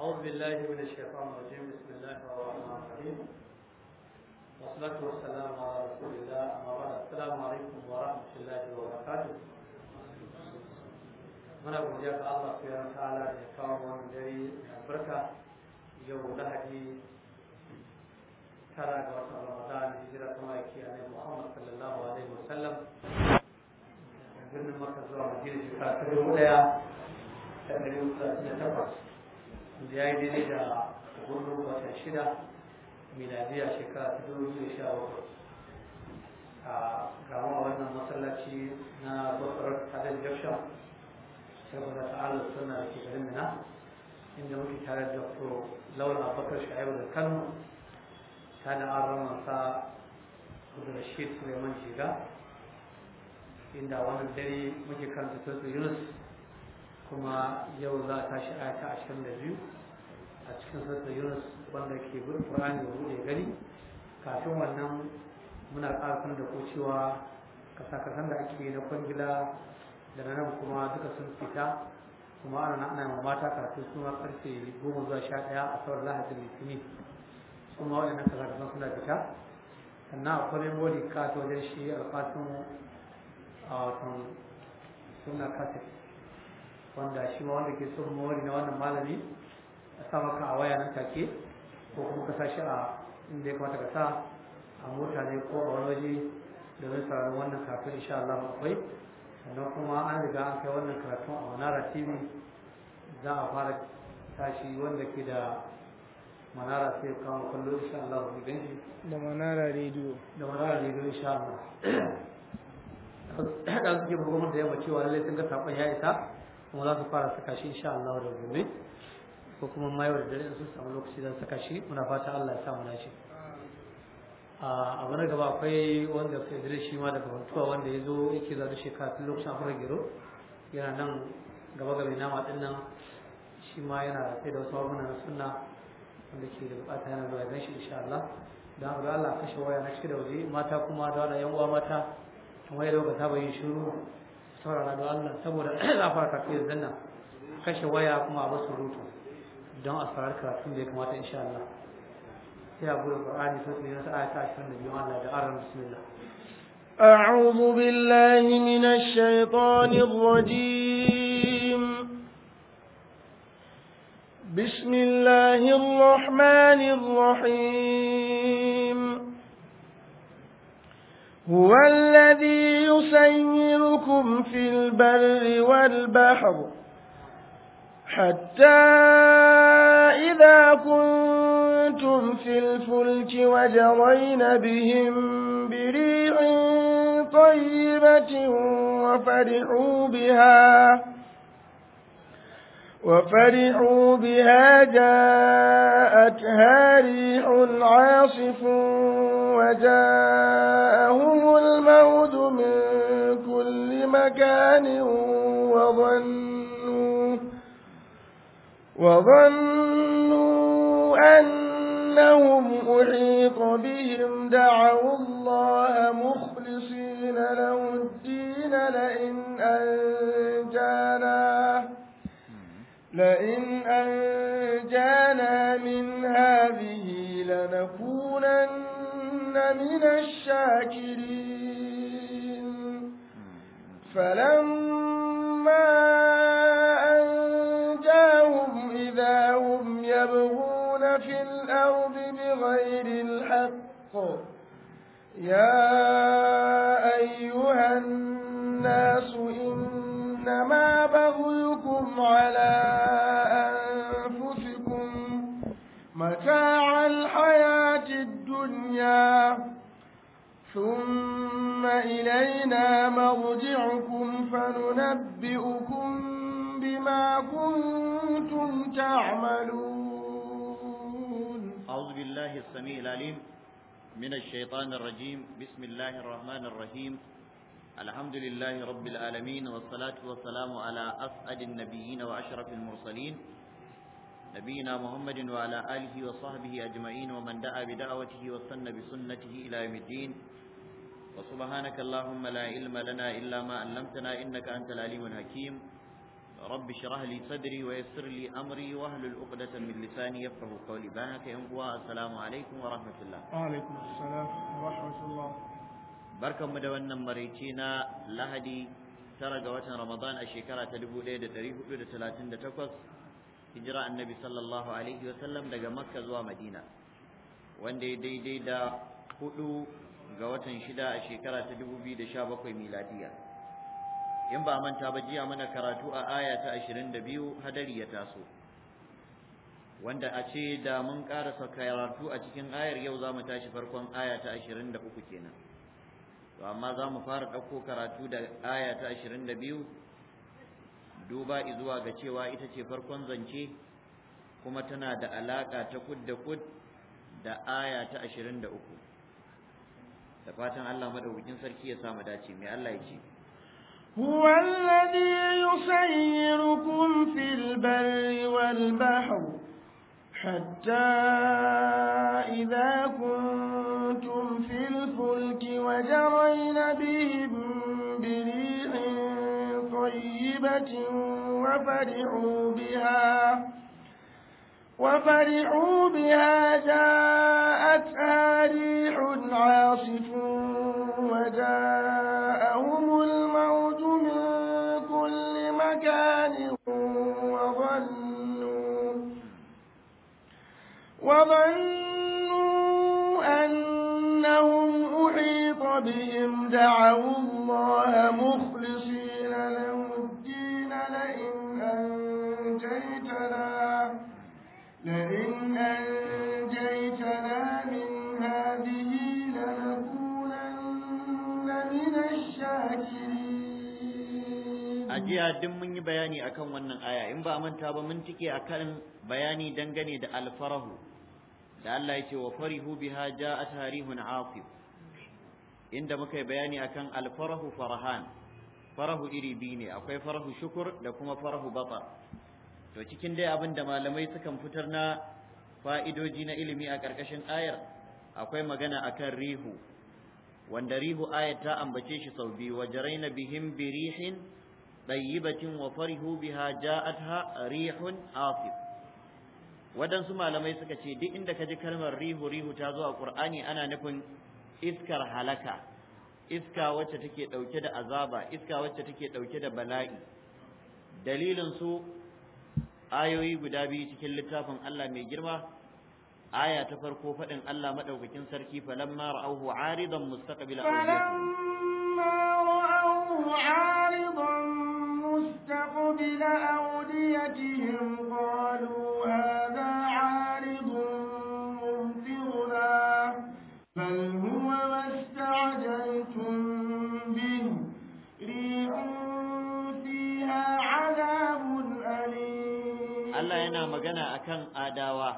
أعوذ بالله من الشيطان الرجيم بسم الله الرحمن الرحيم والصلاة والسلام على رسول الله أما بعد السلام عليكم ورحمة الله وبركاته muna godiya ga Allah su yana ta'ala da ya kawo wani dare albarka yau lahadi tara ga watan ramadan hijira ta maki a nai muhammad sallallahu alaihi wasallam birnin maka zuwa madina daya da ɗari da ya yi daidai da gurbin watan shida miladiya shekara ta dubu biyu sha bakwai a gama wannan masallaci na bakar hadin jakshan saboda ta'alar suna da ke garin mina inda muke tare da dr lawan abubakar sha'ibu da kano ta da an ramansa abdulrashid suleiman shiga. inda wani dare muke karanta sosai yunus kuma yau za ta shi ta ashirin da biyu a cikin sassa yunus wanda ke gudu da gani kafin wannan muna ƙarfin da ko cewa kasa-kasan da ake na kwangila da na nan kuma duka sun fita kuma ana ana mata karatu su karfe goma zuwa sha ɗaya a sauran lahadin litinin su ma waɗannan kasa-kasan suna fita sannan akwai memori ka ta wajen shi alfatun a watan suna fita. wanda shi ma wanda ke son mawari na wannan malami a sa maka a waya nan take ko kuma ka sa shi a inda ya kamata ka sa a mota ne ko a wani waje wani sauraron wannan kafin insha Allah akwai sannan kuma an riga an kai wannan karatun a manara tv za a fara tashi wanda ke da manara sai kama kwallo insha Allah ku ganshi da manara rediyo da manara rediyo insha Allah da suke bugu da yamma cewa lallai sun ga sakon ya isa kuma za su fara saka shi insha Allah da gobe ko kuma ma yau da dare sun samu lokaci zan saka shi muna fata Allah ya samu dace a abu gaba akwai wanda ya Idris shi ma daga Bantuwa wanda ya zo yake zaɗu shekara tun lokacin Afirka Gero yana nan gaba gaba nama ɗin nan shi ma yana sai da wasu abubuwan na sunna wanda ke da bukata yana zuwa gan shi insha Allah da haka Allah kashe waya na cike da waje mata kuma da yan uwa mata kamar yadda kuka ba yin shiru saurara da Allah saboda za a fara karatu yanzu nan kashe waya kuma a basu rutu don a saurari karatun da ya kamata insha Allah sai a bude Qur'ani sai su yi wata ayata ashirin da biyu Allah da aron bismillah أعوذ بالله من الشيطان الرجيم بسم الله الرحمن الرحيم هو الذي يسيركم في البر والبحر حتى إذا كنتم في الفلك وجرين بهم بريح طيبة وفرحوا بها وفرحوا بها جاءتها ريح عاصف وجاءهم الموت من كل مكان وظنوا وظنوا أنهم أحيط بهم دعوا الله مخلصين له الدين لئن أنجانا لئن أنجانا من هذه لنكونن لأكونن من الشاكرين فلما أنجاهم إذا هم يبغون في الأرض بغير الحق يا أيها الناس إنما بغيكم على أنفسكم متاع الحياة الدنيا ثم إلينا مرجعكم فننبئكم بما كنتم تعملون أعوذ بالله السميع العليم من الشيطان الرجيم بسم الله الرحمن الرحيم الحمد لله رب العالمين والصلاة والسلام على أسعد النبيين وأشرف المرسلين نبينا محمد وعلى آله وصحبه أجمعين ومن دعا بدعوته وسن بسنته إلى يوم الدين وسبحانك اللهم لا علم لنا إلا ما علمتنا إنك أنت العليم الحكيم رب اشرح لي صدري ويسر لي أمري واحلل عقدة من لساني يفقه قولي بانك يوم السلام عليكم ورحمة الله وعليكم السلام ورحمة الله barkan mu da wannan maraice na lahadi tara ga watan ramadan a shekara ta 1438 hijira annabi sallallahu alaihi wasallam daga makka zuwa madina wanda ya daidai da hudu ga watan shida a shekara ta 2017 miladiya in ba manta ba jiya mana karatu a aya ta 22 hadari ya taso wanda a ce da mun karasa karatu a cikin ayar yau za mu tashi farkon aya ta 23 kenan to amma za mu fara ɗauko karatu da aya ta 22 duba izuwa ga cewa ita ce farkon zance kuma tana da alaƙa ta kud da kud da aya ta 23 da fatan Allah madaukakin sarki ya samu dace mai Allah ya ce هو الذي يسيركم في البر والبحر حتى إذا كنتم في الفلك وجرين birin. طيبة وفرحوا بها وفرحوا بها جاءتها ريح عاصف وجاءهم الموت من كل مكان وظنوا وظنوا أنهم أحيط بهم دعوا الله مخلصين لو الدين لئن mun yi bayani akan wannan aya in ba manta ba mun tike akan bayani dangane da alfarahu da Allah ya ce wa farihu biha ja'a tarihun 'asif inda muka yi bayani akan alfarahu farahan farahu iri biyu ne akwai farahu shukur da kuma farahu bata to cikin dai abin da malamai sukan fitar na fa'idoji na ilimi a ƙarƙashin ayar akwai magana a kan rihu wanda rihu ayar ta ambace shi sau biyu wa jaraina bihim bi rihin tayyibatin wa farihu biha ja'atha rihun asif Waɗansu malamai suka ce duk inda ka ji kalmar rihu rihu ta zo a qur'ani ana nufin iskar halaka iska wacce take ɗauke da azaba iska wacce take ɗauke da bala'i dalilin su ayoyi guda biyu cikin littafin Allah mai girma aya ta farko faɗin Allah madaukakin sarki falamma ra'awhu 'aridan mustaqbila awdiyatihim qalu magana akan adawa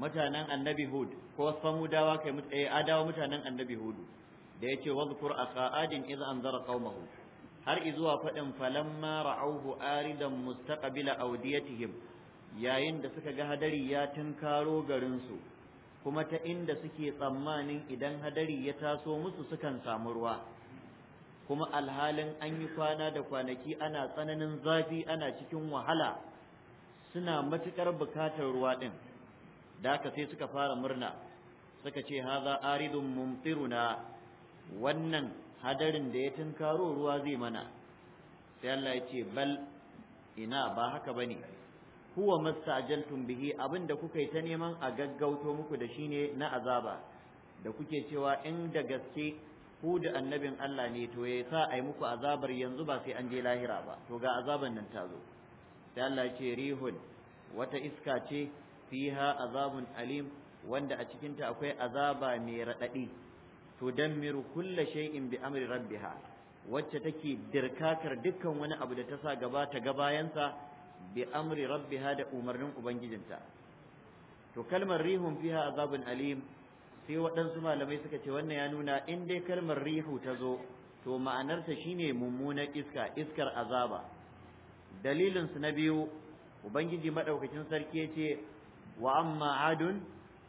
mutanen annabi hud ko samudawa kai eh adawa mutanen annabi hud da yake wadhkur aqa adin an anzara qaumahu har izuwa fadin falamma ra'awhu aridan mustaqbila awdiyatihim yayin da suka ga hadari ya tunkaro garin su kuma ta inda suke tsammanin idan hadari ya taso musu sukan samu ruwa kuma alhalin an yi kwana da kwanaki ana tsananin zafi ana cikin wahala suna matuƙar buƙatar ruwa ɗin, da aka sai suka fara murna suka ce haza aridun mumtiruna wannan hadarin da ya tunkaro ruwa zai mana sai Allah ya ce bal ina ba haka bane huwa mastajaltum bihi abinda kuka yi ta neman a gaggauto muku da shi ne na azaba da kuke cewa in da gaske ku da annabin Allah ne to ya sa ai muku azabar yanzu ba sai an je lahira ba to ga azaban nan ta zo sai Allah ce rihun wata iska ce fiha azabun alim wanda a cikinta akwai azaba mai raɗaɗi miru kulla shay'in bi amri rabbiha wacce take dirkakar dukkan wani abu da ta sa gaba ta gabayansa bi amri rabbiha da umarnin ubangijinta to kalmar rihun fiha azabun alim sai waɗansu malamai suka ce wannan ya nuna in dai kalmar rihu ta zo to ma'anarta shine mummunar iska iskar azaba dalilin su na biyu ubangiji madaukakin sarki yace wa amma adun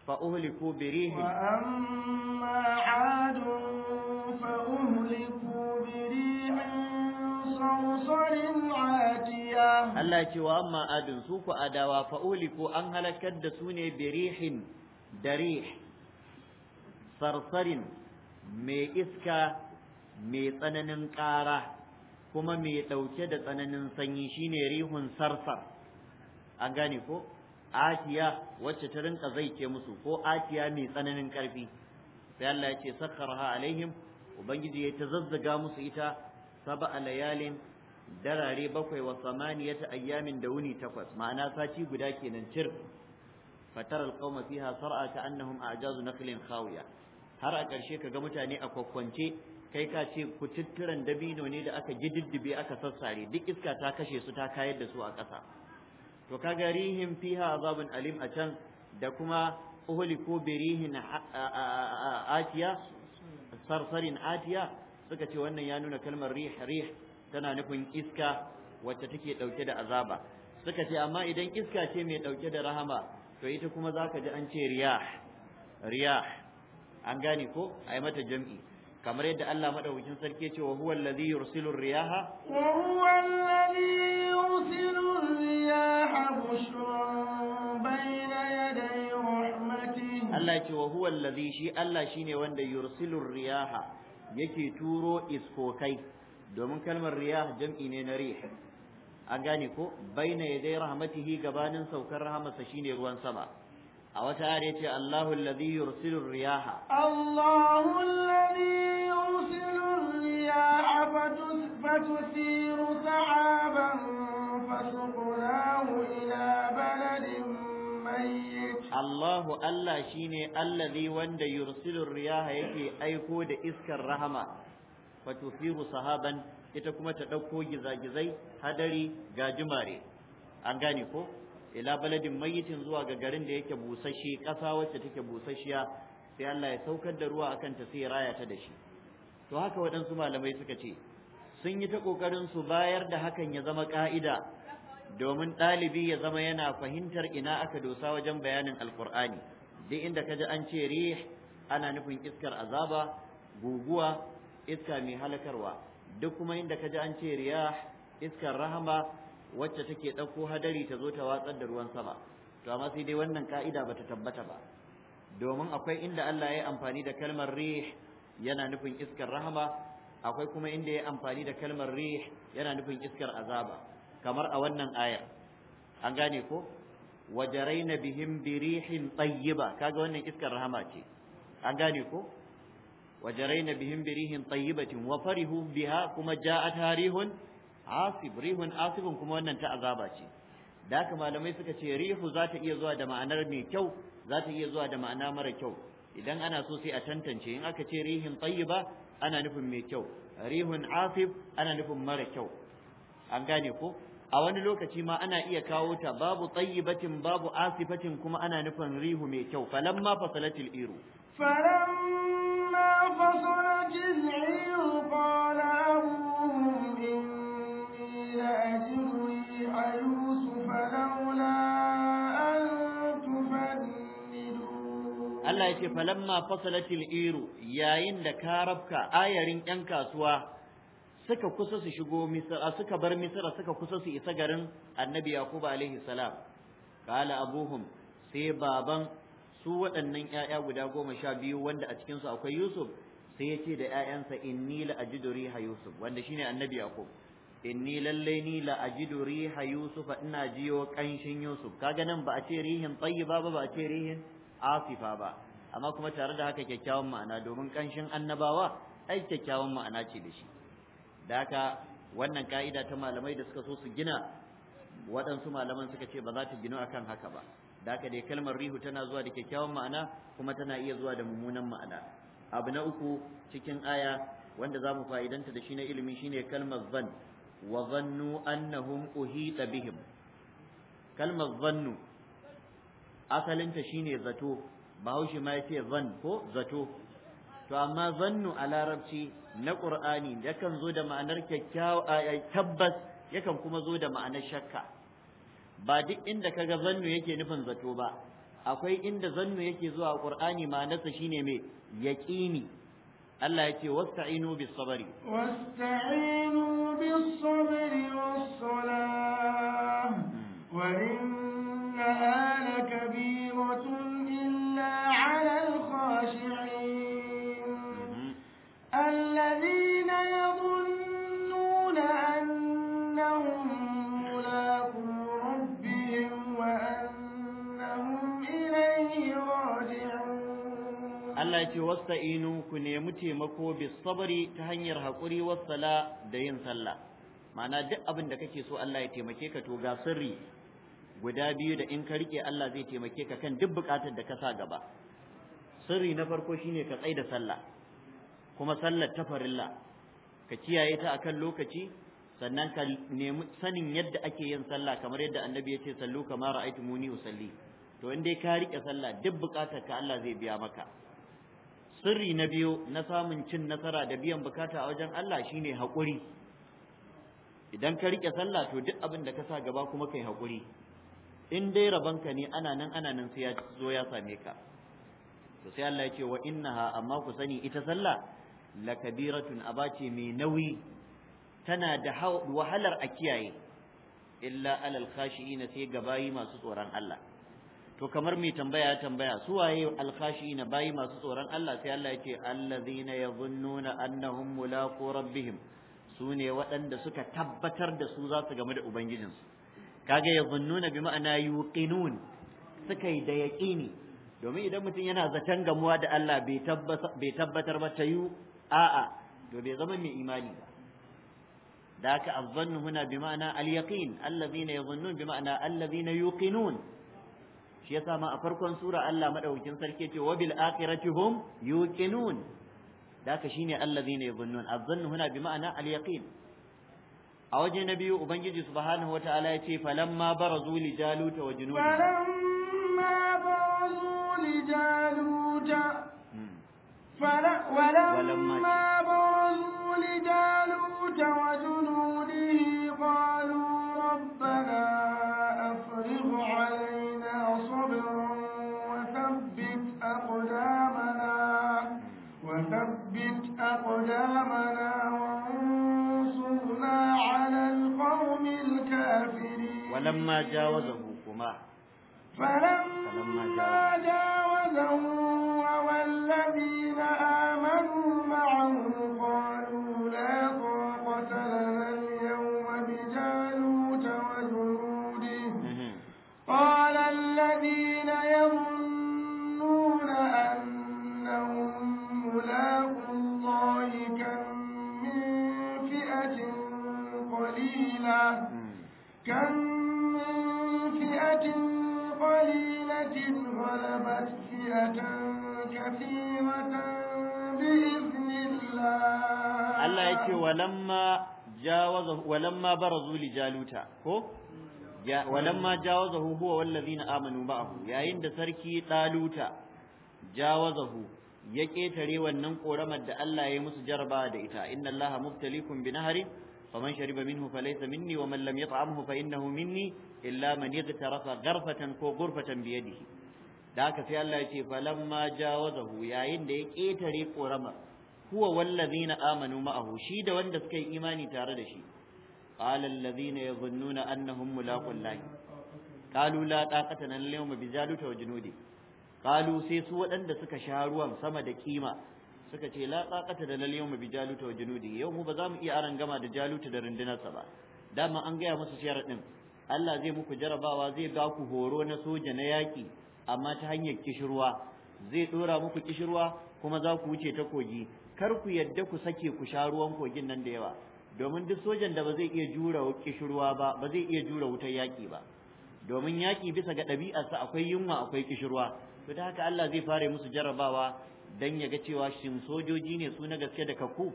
fa uhliku bi rihin wa amma adun fa uhliku bi sarsarin atiya Allah ce wa amma adun su ku adawa fa uhliku an halakar da su ne bi rihin da sarsarin mai iska mai tsananin ƙara kuma mai ɗauke da tsananin sanyi shine rihun sarsar an gane ko atiya wacce ta rinka zaike musu ko atiya mai tsananin ƙarfi sai Allah ya ce sakharaha alaihim ubangiji ya tazazzaga musu ita sab'a layalin darare bakwai wa samaniyata ayyamin da wuni takwas ma'ana sati guda kenan cir fatar alqauma fiha sar'a ka annahum a'jazu naqlin khawiya har a ƙarshe ka ga mutane a kwakwance kai ka ce ku kututturan dabino ne da aka gididdibe aka sassare duk iska ta kashe su ta kayar da su a ƙasa to kaga rihin fiha azabun alim a can da kuma uhliku birihin atiya sarsarin atiya suka ce wannan ya nuna kalmar rih rih tana nufin iska wacce take dauke da azaba suka ce amma idan iska ce mai dauke da rahama to ita kuma zaka ji an ce riyah riyah an gane ko ai mata jam'i kamar yadda Allah madaukakin sarki ya ce wa huwa allazi yursilu riyaha wa huwa allazi yursilu riyaha bushran bayna yaday rahmatihi Allah ce wa huwa allazi shi Allah shine wanda yursilu riyaha yake turo iskokai domin kalmar riyah jam'i ne na rih an gane ko bayna yaday rahmatihi gabanin saukar rahamarsa shine ruwan sama a wata ayar yace Allahu alladhi yursilu riyaha Allahu alladhi yursilu riyaha fatusiru sahaban fasuqnahu ila baladin mayyit Allahu Allah shine alladhi wanda yursilu riyaha yake aiko da iskar rahama fa fatusiru sahaban ita kuma ta dauko gizagizai hadari gajimare an gane ko ila baladin mayitin zuwa ga garin da yake busashi ƙasa wacce take busashiya sai Allah ya saukar da ruwa akan ta sai raya ta da shi to haka waɗansu malamai suka ce sun yi ta ƙoƙarin su bayar da hakan ya zama ƙa'ida domin ɗalibi ya zama yana fahimtar ina aka dosa wajen bayanin alƙur'ani duk inda ka ji an ce rih ana nufin iskar azaba guguwa iska mai halakarwa duk kuma inda ka ji an ce riyah iskar rahama wacce take ɗauko hadari ta zo ta watsar da ruwan sama to amma sai dai wannan ka'ida bata tabbata ba domin akwai inda Allah ya amfani da kalmar rih yana nufin iskar rahama akwai kuma inda ya amfani da kalmar rih yana nufin iskar azaba kamar a wannan ayar an gane ko wajaraina bihim birihin tayyiba kaga wannan iskar rahama ce an gane ko wajaraina bihim birihin tayyibatin wa farihu biha kuma ja'at harihun asib rihun asibin kuma wannan ta azaba ce da haka malamai suka ce rihu za ta iya zuwa da ma'anar mai kyau za ta iya zuwa da ma'ana mara kyau idan ana so sai a tantance in aka ce rihin tayyiba ana nufin mai kyau rihun asib ana nufin mara kyau an gane ko a wani lokaci ma ana iya kawo ta babu tayyibatin babu asifatin kuma ana nufin rihu mai kyau falamma fasalatil iru falamma fasalatil iru Allah ya ce falamma fasalatil iru yayin da karabka ayarin yan kasuwa suka kusa su shigo misra suka bar misra suka kusa su isa garin annabi yaqub alaihi salam qala abuhum sai baban su waɗannan ƴaƴa guda goma sha biyu wanda a cikinsu akwai yusuf sai ya ce da ƴaƴansa inni la ajidu riha yusuf wanda shine annabi yaqub inni lalle ni la ajidu riha yusuf ina jiyo kanshin yusuf kaga nan ba a ce rihin tayyiba ba ba a ce rihin asifa ba amma kuma tare da haka kyakkyawan ma'ana domin kanshin annabawa ai kyakkyawan ma'ana ce da shi da haka wannan ka'ida ta malamai da suka so su gina waɗansu malaman suka ce ba za ta gina akan haka ba da haka dai kalmar rihu tana zuwa da kyakkyawan ma'ana kuma tana iya zuwa da mummunan ma'ana abu na uku cikin aya wanda za mu fa'idanta da shi na ilimi shine kalmar zan wa zannu annahum uhita bihim kalmar zannu asalinta shine zato bahaushe ma yace zan ko zato to amma zannu a larabci na qur'ani yakan zo da ma'anar kyakkyawa tabbas yakan kuma zo da ma'anar shakka ba duk inda kaga zannu yake nufin zato ba akwai inda zannu yake zuwa qur'ani ma'anarsa shine me yaqini Allah ya ce wasta'inu bis sabri wasta'inu bis sabri was salam hmm. wa in Allah ce wasta inu ku nemi taimako bi sabari ta hanyar haƙuri wasala da yin sallah mana duk abin da kake so Allah ya taimake ka to ga sirri guda biyu da in ka rike Allah zai taimake ka kan duk buƙatar da ka sa gaba sirri na farko shine ka tsaida sallah kuma sallar ta farilla ka kiyaye ta akan lokaci sannan ka nemi sanin yadda ake yin sallah kamar yadda annabi ya ce sallu kama muni usalli to in dai ka rike sallah duk bukatar ka Allah zai biya maka sirri na biyu na samun cin nasara da biyan bukata a wajen Allah shine haƙuri idan ka rike sallah to duk abin da ka sa gaba kuma kai hakuri in dai rabanka ne ana nan ana nan sai ya zo ya same ka to sai Allah ya ce wa innaha amma ku sani ita sallah la kabiratun abace mai nauyi tana da wahalar a kiyaye illa alal khashiina sai ga bayi masu tsoron Allah to kamar mai tambaya tambaya su waye al khashiina bayi masu tsoron Allah sai Allah ya ce allazina yadhunnuna annahum mulaqu rabbihim su ne waɗanda suka tabbatar da su za su game da ubangijinsu kaga ya zunnuna bi ma'ana yuqinun suka yi da yaƙini domin idan mutum yana zaton gamuwa da Allah bai tabbatar ba ta yi a'a to bai zama mai imani ba da haka azzannu huna bi ma'ana al-yaqin allazina yadhunnun bi ma'ana allazina yuqinun shi yasa ma a farkon sura Allah madaukakin sarki ce wa bil akhirati hum yuqinun da haka shine allazina yadhunnun azzannu huna bi ma'ana al-yaqin a waje na biyu ubangiji subhanahu wataala ya ce falamma barazu li jaluta wa junudihi برزوا لجالوت ولما برزوا لجالوت وجنوده قالوا ربنا أفرغ علينا صبرا وثبت أقدامنا وثبت أقدامنا وانصرنا على القوم الكافرين ولما جاوزه كما فلما جاوزه هو والذين آمنوا معه قالوا لا طاقة لنا اليوم بجالوت وجنوده قال الذين يظنون أنهم ملاقوا الله كم من فئة قليلة كم غلبت فئة كثيرة بإذن الله الله يتي ولما جاوزه ولما برزوا لجالوت كو ولما جاوزه هو والذين آمنوا معه يا عند سركي طالوت جاوزه ya ƙetare wannan ƙoramar da Allah ya yi musu jarba da ita inna Allah mubtalikum bi naharin faman shariba minhu falaysa minni wa man lam yat'amhu fa innahu minni illa man igtarafa gharfatan ko ghurfatan bi da haka sai Allah ya ce falamma jawazahu yayin da ya ketare korama huwa wallazina amanu ma'ahu shi da wanda suka yi imani tare da shi qala allazina yadhunnuna annahum mulaqullahi qalu la taqata lana al-yawma bi jaluta wa junudi sai su waɗanda suka sha ruwan sama da kima suka ce la tsakata da lal yawma bi jaluta wa junudi yau mu ba za mu iya aran gama da jaluta da rundunarsa ba dama an gaya musu din Allah zai muku jarabawa zai ba ku horo na soja na yaƙi amma ta hanyar kishirwa zai dora muku kishirwa kuma za ku wuce ta kogi kar ku yadda ku sake ku sha ruwan kogin nan da yawa domin duk sojan da ba zai iya jura kishirwa ba ba zai iya jura wutar yaki ba domin yaƙi bisa ga ɗabi'arsa akwai yunwa akwai kishirwa to da haka Allah zai fare musu jarabawa dan ya ga cewa shin sojoji ne su na gaske da kaku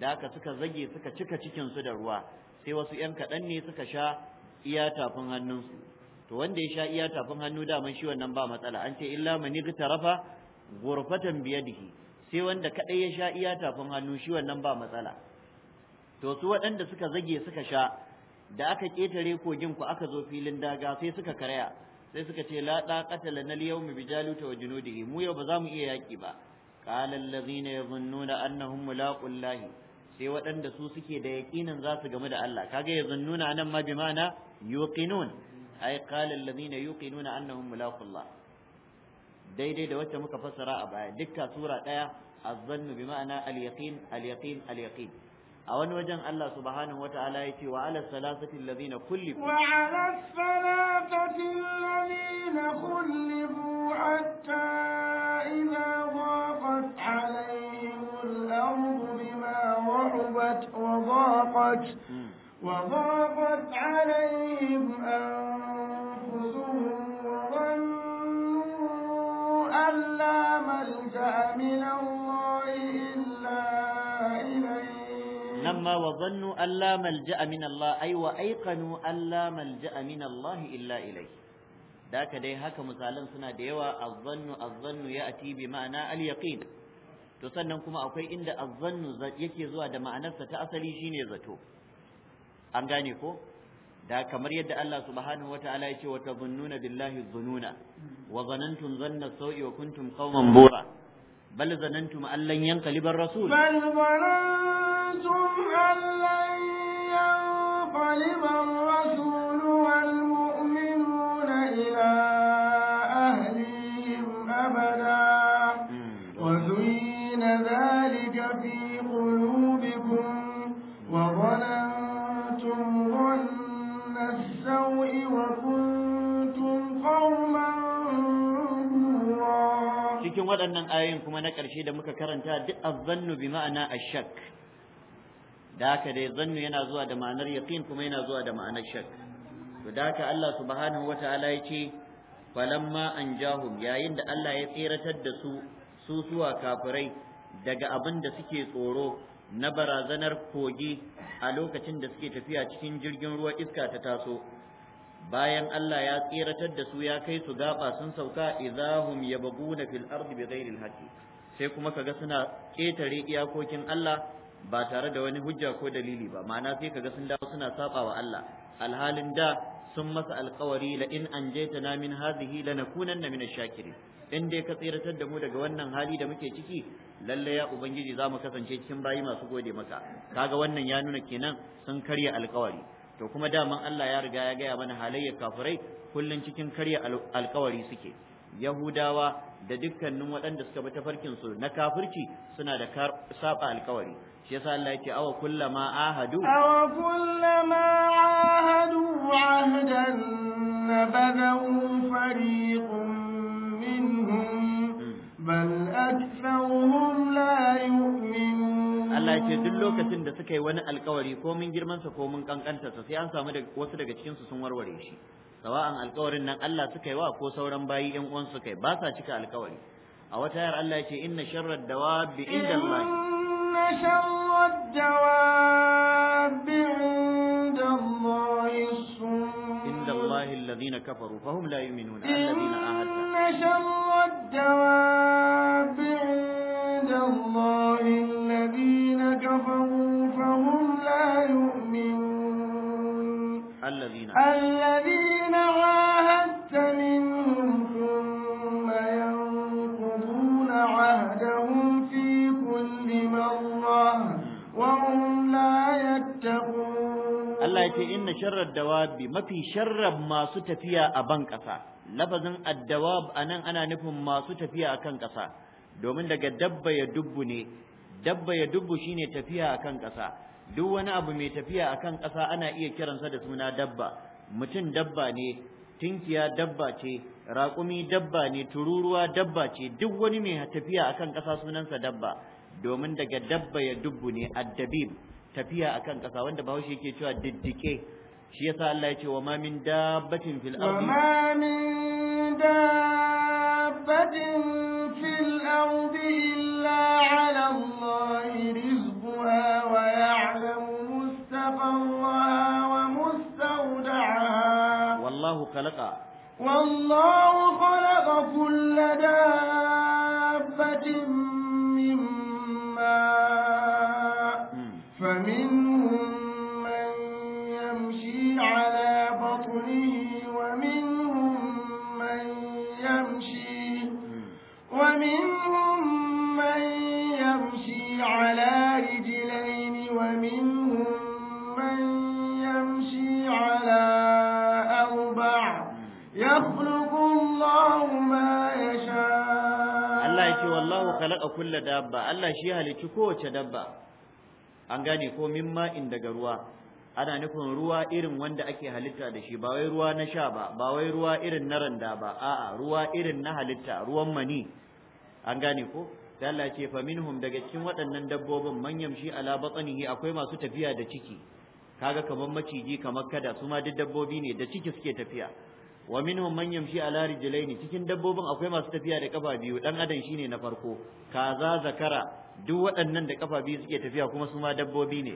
da aka suka zage suka cika cikin su da ruwa sai wasu yan kaɗan ne suka sha iya tafin hannunsu to wanda ya sha iya tafin hannu daman shi wannan ba matsala an ce illa mani gitarafa gurfatan biyadihi sai wanda kaɗai ya sha iya tafin hannu shi wannan ba matsala to su waɗanda suka zage suka sha da aka ƙetare kogin ku aka zo filin daga sai suka karaya sai suka ce la taqata lana al-yawma bi jaluta wa junudihi mu yau ba za mu iya yaki ba qala allazina yadhunnuna annahum mulaqullahi sai waɗanda su suke da yaƙinin za su gamu da Allah kaga yadhunnuna nan ma bi ma'ana yuqinun ai qala allazina yuqinuna annahum mulaqullah daidai da wacce muka fassara a baya dukka sura daya azzannu bi ma'ana al-yaqin al-yaqin al-yaqin أولا وجن الله سبحانه وتعالى وعلى الثلاثة الذين خلفوا وعلى الثلاثة الذين خلفوا حتى إذا ضاقت عليهم الأرض بما رحبت وضاقت وضاقت عليهم أنفسهم وظنوا أن لا ملجأ من الله nan ma wa zannu Allah malja'a min Allah ai wa aiqanu Allah malja'a min Allah illa ilai. da haka dai haka misalan suna da yawa azzannu azzannu ya'ti bi ma'ana al-yaqin to sannan kuma akwai inda azzannu yake zuwa da ma'anarsa ta asali shine zato an gane ko da kamar yadda Allah subhanahu wataala ya ce wa tazunnuna billahi dhununa wa zanantum zanna sawi wa kuntum qauman bura bal zanantum allan lan yanqaliba rasul bal أَن لَّن يَنقَلِبَ الرَّسُولُ وَالْمُؤْمِنُونَ إِلَىٰ أَهْلِهِمْ أَبَدًا وَزُيِّنَ ذَٰلِكَ فِي قُلُوبِكُمْ وَظَنَنتُمْ ظَنَّ السَّوْءِ وَكُنتُمْ قَوْمًا cikin waɗannan ayoyin kuma na ƙarshe da muka karanta duk azzannu bi ma'ana ashak da haka dai zannu yana zuwa da ma'anar yaqin kuma yana zuwa da ma'anar shak to da Allah subhanahu wata'ala ya ce falamma anjahum yayin da Allah ya tseratar da su su zuwa kafirai daga abin da suke tsoro na barazanar kogi a lokacin da suke tafiya cikin jirgin ruwa iska ta taso bayan Allah ya tseratar da su ya kai su gaba sun sauka idahum yabguna fil ardi bighairil haqi sai kuma kaga suna ketare iyakokin Allah ba tare da wani hujja ko dalili ba ma'ana sai kaga sun dawo suna saba wa Allah alhalin da sun masa alkawari la in na min hadhihi na min ash-shakirin in dai ka tsiratar da mu daga wannan hali da muke ciki lalle ya ubangiji za mu kasance cikin bayi masu gode maka kaga wannan ya nuna kenan sun karya alkawari to kuma daman Allah ya riga ya gaya mana halayyar kafirai kullun cikin karya alkawari suke yahudawa da dukkanin waɗanda suka bi tafarkin su na kafirci suna da saba alkawari shi yasa Allah yake awa kullama ahadu awa kullama ahadu ahdan nabadahu fariqun minhum hmm. bal aktharuhum la yu'minun Allah yake duk lokacin da suka yi wani alkawari ko mun girman sa ko mun kankanta sa sai an samu da wasu daga cikin su sun warware shi sawa'an alkawarin nan Allah suka yi wa ko sauran bayi ƴan uwan suka yi ba sa cika alkawari a wata yar Allah yake inna sharrar dawabi inda Allah شر الدواب عند الله عند الله الذين كفروا فهم لا يؤمنون الذين إن شر الدواب عند الله الذين كفروا فهم لا يؤمنون الذين الذين inna sharrar dawabi mafi sharrar masu tafiya a ban ƙasa lafazin addawab a nan ana nufin masu tafiya a kan ƙasa domin daga dabba ya dubbu ne dabba ya dubbu shine tafiya a kan ƙasa duk wani abu mai tafiya a kan ƙasa ana iya kiransa da suna dabba mutum dabba ne tinkiya dabba ce raƙumi dabba ne tururuwa dabba ce duk wani mai tafiya a kan ƙasa sunansa dabba domin daga dabba ya dubbu ne addabib tafiya a kan ƙasa wanda bahaushe yake cewa diddike shi ya sa Allah ya ce wa ma min dabbatin fil ardi wa ma min dabbatin fil ardi illa ala Allah rizquha wa ya'lamu mustaqarraha wa mustawda'aha wallahu khalaqa والله خلق كل دابة من فمنهم من يمشي على بطنه ومنهم من يمشي ومنهم من يمشي على رجلين ومنهم من يمشي على أربع يخلق الله ما يشاء الله يكي والله خلق كل دابة الله شيها لتكوة دابة an gane ko mimma in daga ruwa ana nufin ruwa irin wanda ake halitta da shi ba wai ruwa na sha ba ba wai ruwa irin na randa ba a'a ruwa irin na halitta ruwan mani an gane ko sai Allah ce fa minhum daga cikin waɗannan dabbobin man yamshi ala batnihi akwai masu tafiya da ciki kaga kaman maciji kamar kada su ma duk dabbobi ne da ciki suke tafiya wa minhum man yamshi ala rijlaini cikin dabbobin akwai masu tafiya da kafa biyu dan adam shine na farko kaza zakara duk waɗannan da kafa biyu suke tafiya kuma su ma dabbobi ne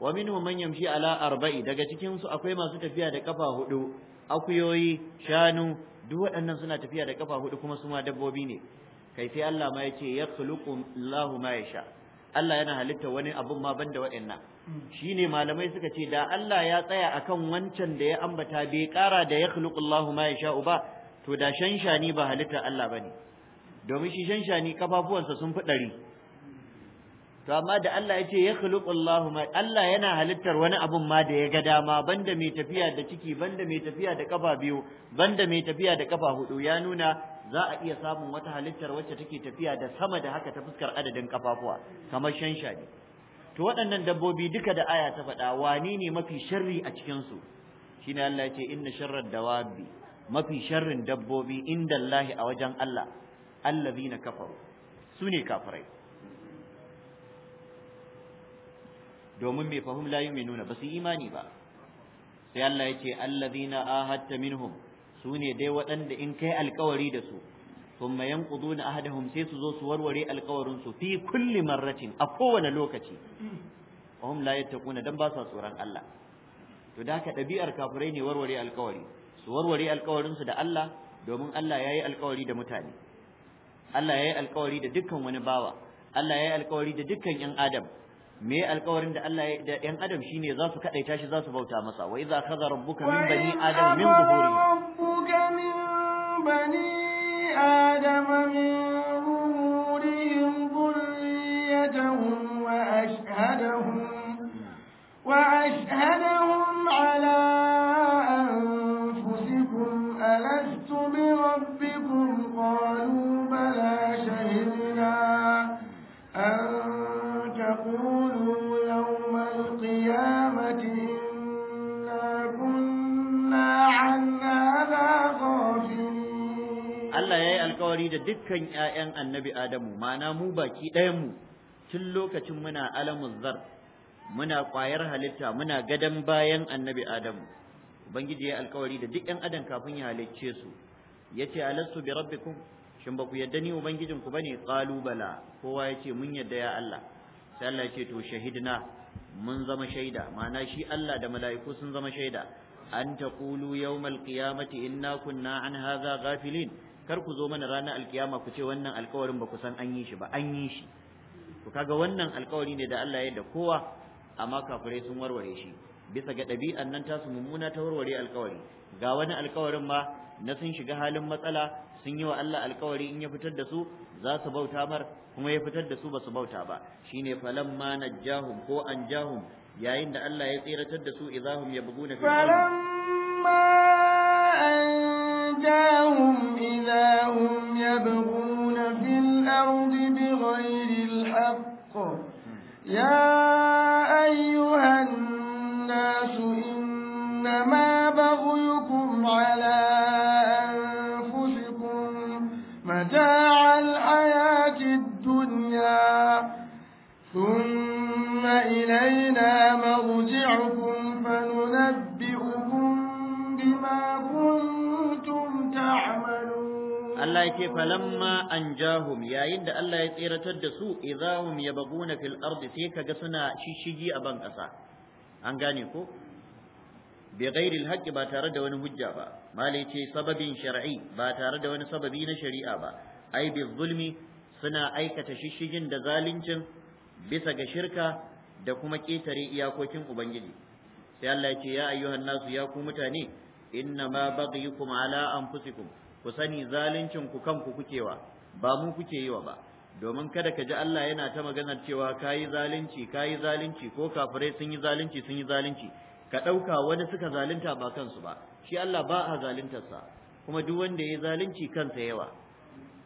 wa minhum man yamshi ala arba'i daga cikin su akwai masu tafiya da kafa hudu akuyoyi shanu duk waɗannan suna tafiya da kafa hudu kuma su ma dabbobi ne kai sai Allah ma yace ya Allahu ma yasha Allah yana halitta wani abun ma banda waɗannan shine malamai suka ce da Allah ya tsaya akan wancan da ya ambata bai kara da ya khuluqu Allahu ma yasha ba to da shanshani ba halitta Allah bane domin shi shanshani kafafuwansa sun fi ɗari to amma da Allah ya ce ya ma Allah yana halittar wani abun ma da ya ga dama banda mai tafiya da ciki banda mai tafiya da kafa biyu banda mai tafiya da kafa hudu ya nuna za a iya samun wata halittar wacce take tafiya da sama da haka ta fuskar adadin kafafuwa kamar shadi. to waɗannan dabbobi duka da aya ta faɗa wani ne mafi sharri a cikin su shine Allah yace inna sharrad dawabi mafi sharrin dabbobi inda Allah a wajen Allah allazina kafaru sune kafirai domin mai fahim mai nuna ba su imani ba sai Allah ya ce allazina ahadta minhum su ne dai waɗanda in kai alkawari da su thumma yanquduna ahadahum sai su zo su warware alkawarin su fi kulli marratin a kowane lokaci hum la yattaquna dan ba sa tsoron Allah to da haka ɗabi'ar kafirai ne warware alkawari su warware alkawarin su da Allah domin Allah yayi alkawari da mutane Allah yayi alkawari da dukkan wani bawa Allah yayi alkawari da dukkan yan adam me alƙawarin da Allah da ɗan adam shine za su kaɗaita shi za su bauta masa wa idza khadha rabbuka min bani adam min zuhurihim rabbuka min bani adam min zuhurihim dhurriyyatahum wa ashhadahum wa ashhadahum ala anfusikum alastu bi rabbikum qalu bala shahidna an Allah ya yi alkawari da dukkan ‘ya'yan annabi Adamu, mana mu baki ɗayanmu, tun lokacin muna alamun zar, muna ƙwayar halitta, muna gadon bayan annabi Adamu. Ubangiji ya yi alkawari da duk ‘yan adam kafin ya halicce su, ya ce, Alassu bi rabbikum, shin ba ku yadda ni ubangijin ba ne ƙalubala, kowa ya ce, mun yadda ya Allah. Sai Allah ya ce, to shahidna, mun zama shaida, ma'ana shi Allah da mala'iku sun zama shaida. An taƙulu yawmal qiyamati inna kunna an hadha ghafilin. kar ku zo mana ranar alkiyama ku ce wannan alkawarin ba ku san an yi shi ba an yi shi to kaga wannan alkawari ne da Allah ya da kowa amma kafirai sun warware shi bisa ga ɗabi'an nan tasu mummuna ta warware alkawari ga wani alkawarin ma na sun shiga halin matsala sun yi wa Allah alkawari in ya fitar da su za su bauta mar kuma ya fitar da su ba su bauta ba shine ma najjahum ko anjahum yayin da Allah ya tsiratar da su idahum yabguna fi falamma أَتَاهُمْ إِذَا هُمْ يَبْغُونَ فِي الْأَرْضِ بِغَيْرِ الْحَقِّ يَا أَيُّهَا النَّاسُ إِنَّمَا بَغْيُكُمْ عَلَى أَنفُسِكُمْ مَتَاعَ الْحَيَاةِ الدُّنْيَا ثُمَّ إِلَيْنَا مَرْجِعُكُمْ فَنُنَبِّئُكُم بِمَا Allah yake falamma anjahum yayin da Allah ya tseratar da su idahum yabaguna fil ardi sai kaga suna shishigi a ban kasa an gane ko bi ghairi ba tare da wani hujja ba mali ce sababin shar'i ba tare da wani sababi na shari'a ba ai bi zulmi suna aikata shishigin da zalincin bisa ga shirka da kuma ketare iyakokin ubangiji sai Allah ce ya ayyuhan nasu ya ku mutane inna ma baghyukum ala anfusikum ku sani zaluncin ku kanku kukewa ba mu kuke yi ba domin kada ka ji Allah yana ta maganar cewa kayi zalunci kayi zalunci ko kafirai sun yi zalunci sun yi zalunci ka ɗauka wani suka zalunta ba kansu ba shi Allah ba a zaluntarsa kuma duk wanda ya zalunci kansa yawa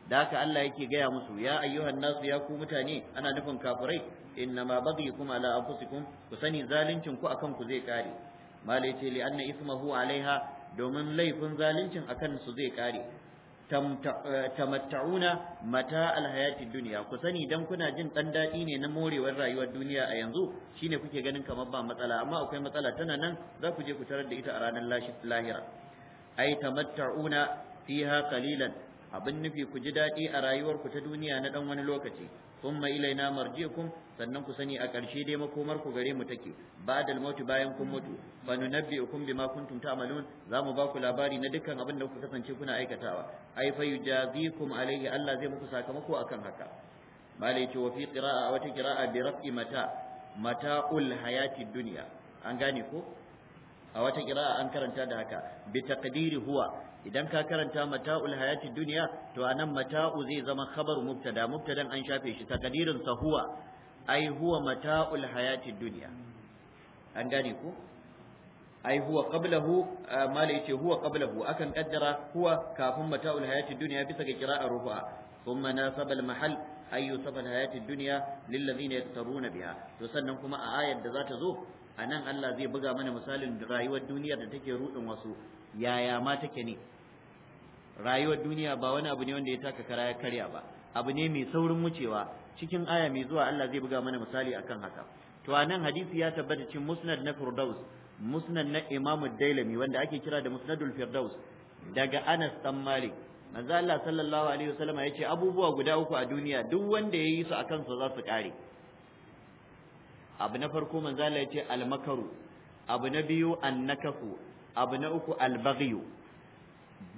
da haka Allah yake gaya musu ya ayyuhan nasu ya ku mutane ana nufin kafirai inna ma baghyukum ala anfusikum ku sani zaluncin ku akan ku zai kare malai ce li anna ismahu alaiha domin laifin zaluncin akan su zai kare eh, tamatta'una mata alhayati duniya ku sani dan kuna jin dan daɗi ne na morewar rayuwar duniya a yanzu shine kuke ganin kamar ba matsala amma akwai matsala tana nan za ku je ku tarar da ita a ranar lahira ai tamatta'una fiha qalilan abin nufi ku ji daɗi a rayuwar ku ta duniya na dan wani lokaci thumma ilaina marji'ukum sannan ku sani a ƙarshe dai makomar ku gare mu take ba'dal mautu bayan kun mutu fa nunabbi'ukum bima kuntum ta'malun za mu ba ku labari na dukkan abin da kuka kasance kuna aikatawa ai fa yujazikum alaihi Allah zai muku sakamako akan haka malai ce wa fi qira'a wata qira'a bi raf'i mata mata'ul hayati dunya an gane ko a wata kira'a an karanta da haka bi taqdiri huwa idan ka karanta mata'ul hayati duniya to anan mata'u zai zama khabar mubtada mubtadan an shafe shi takadirin sa huwa ai huwa mata'ul hayati duniya an gane ku ai huwa qablahu mala yace huwa qablahu akan kaddara huwa kafin mata'ul hayati dunya bisa ga qira'a rufa thumma nasaba al mahal ay yusafa al hayati dunya lil ladina yaqtaruna biha to sannan kuma a ayar da za ta zo anan Allah zai buga mana misalin rayuwar duniyar da take rudin wasu yaya ma take ne rayuwar duniya ba wani abu ne wanda ya taka kara ya karya ba abu ne mai saurin wucewa cikin aya mai zuwa Allah zai buga mana misali akan haka to anan hadisi ya tabbata cikin musnad na Firdaus musnad na imamu Dailami wanda ake kira da Musnadul Firdaus daga Anas dan Malik manzo Allah sallallahu alaihi wasallam yace abubuwa guda uku a duniya duk wanda ya yi su akan su za su kare abu na farko manzo Allah yace al-makaru abu na biyu annakafu abu na uku albaghyu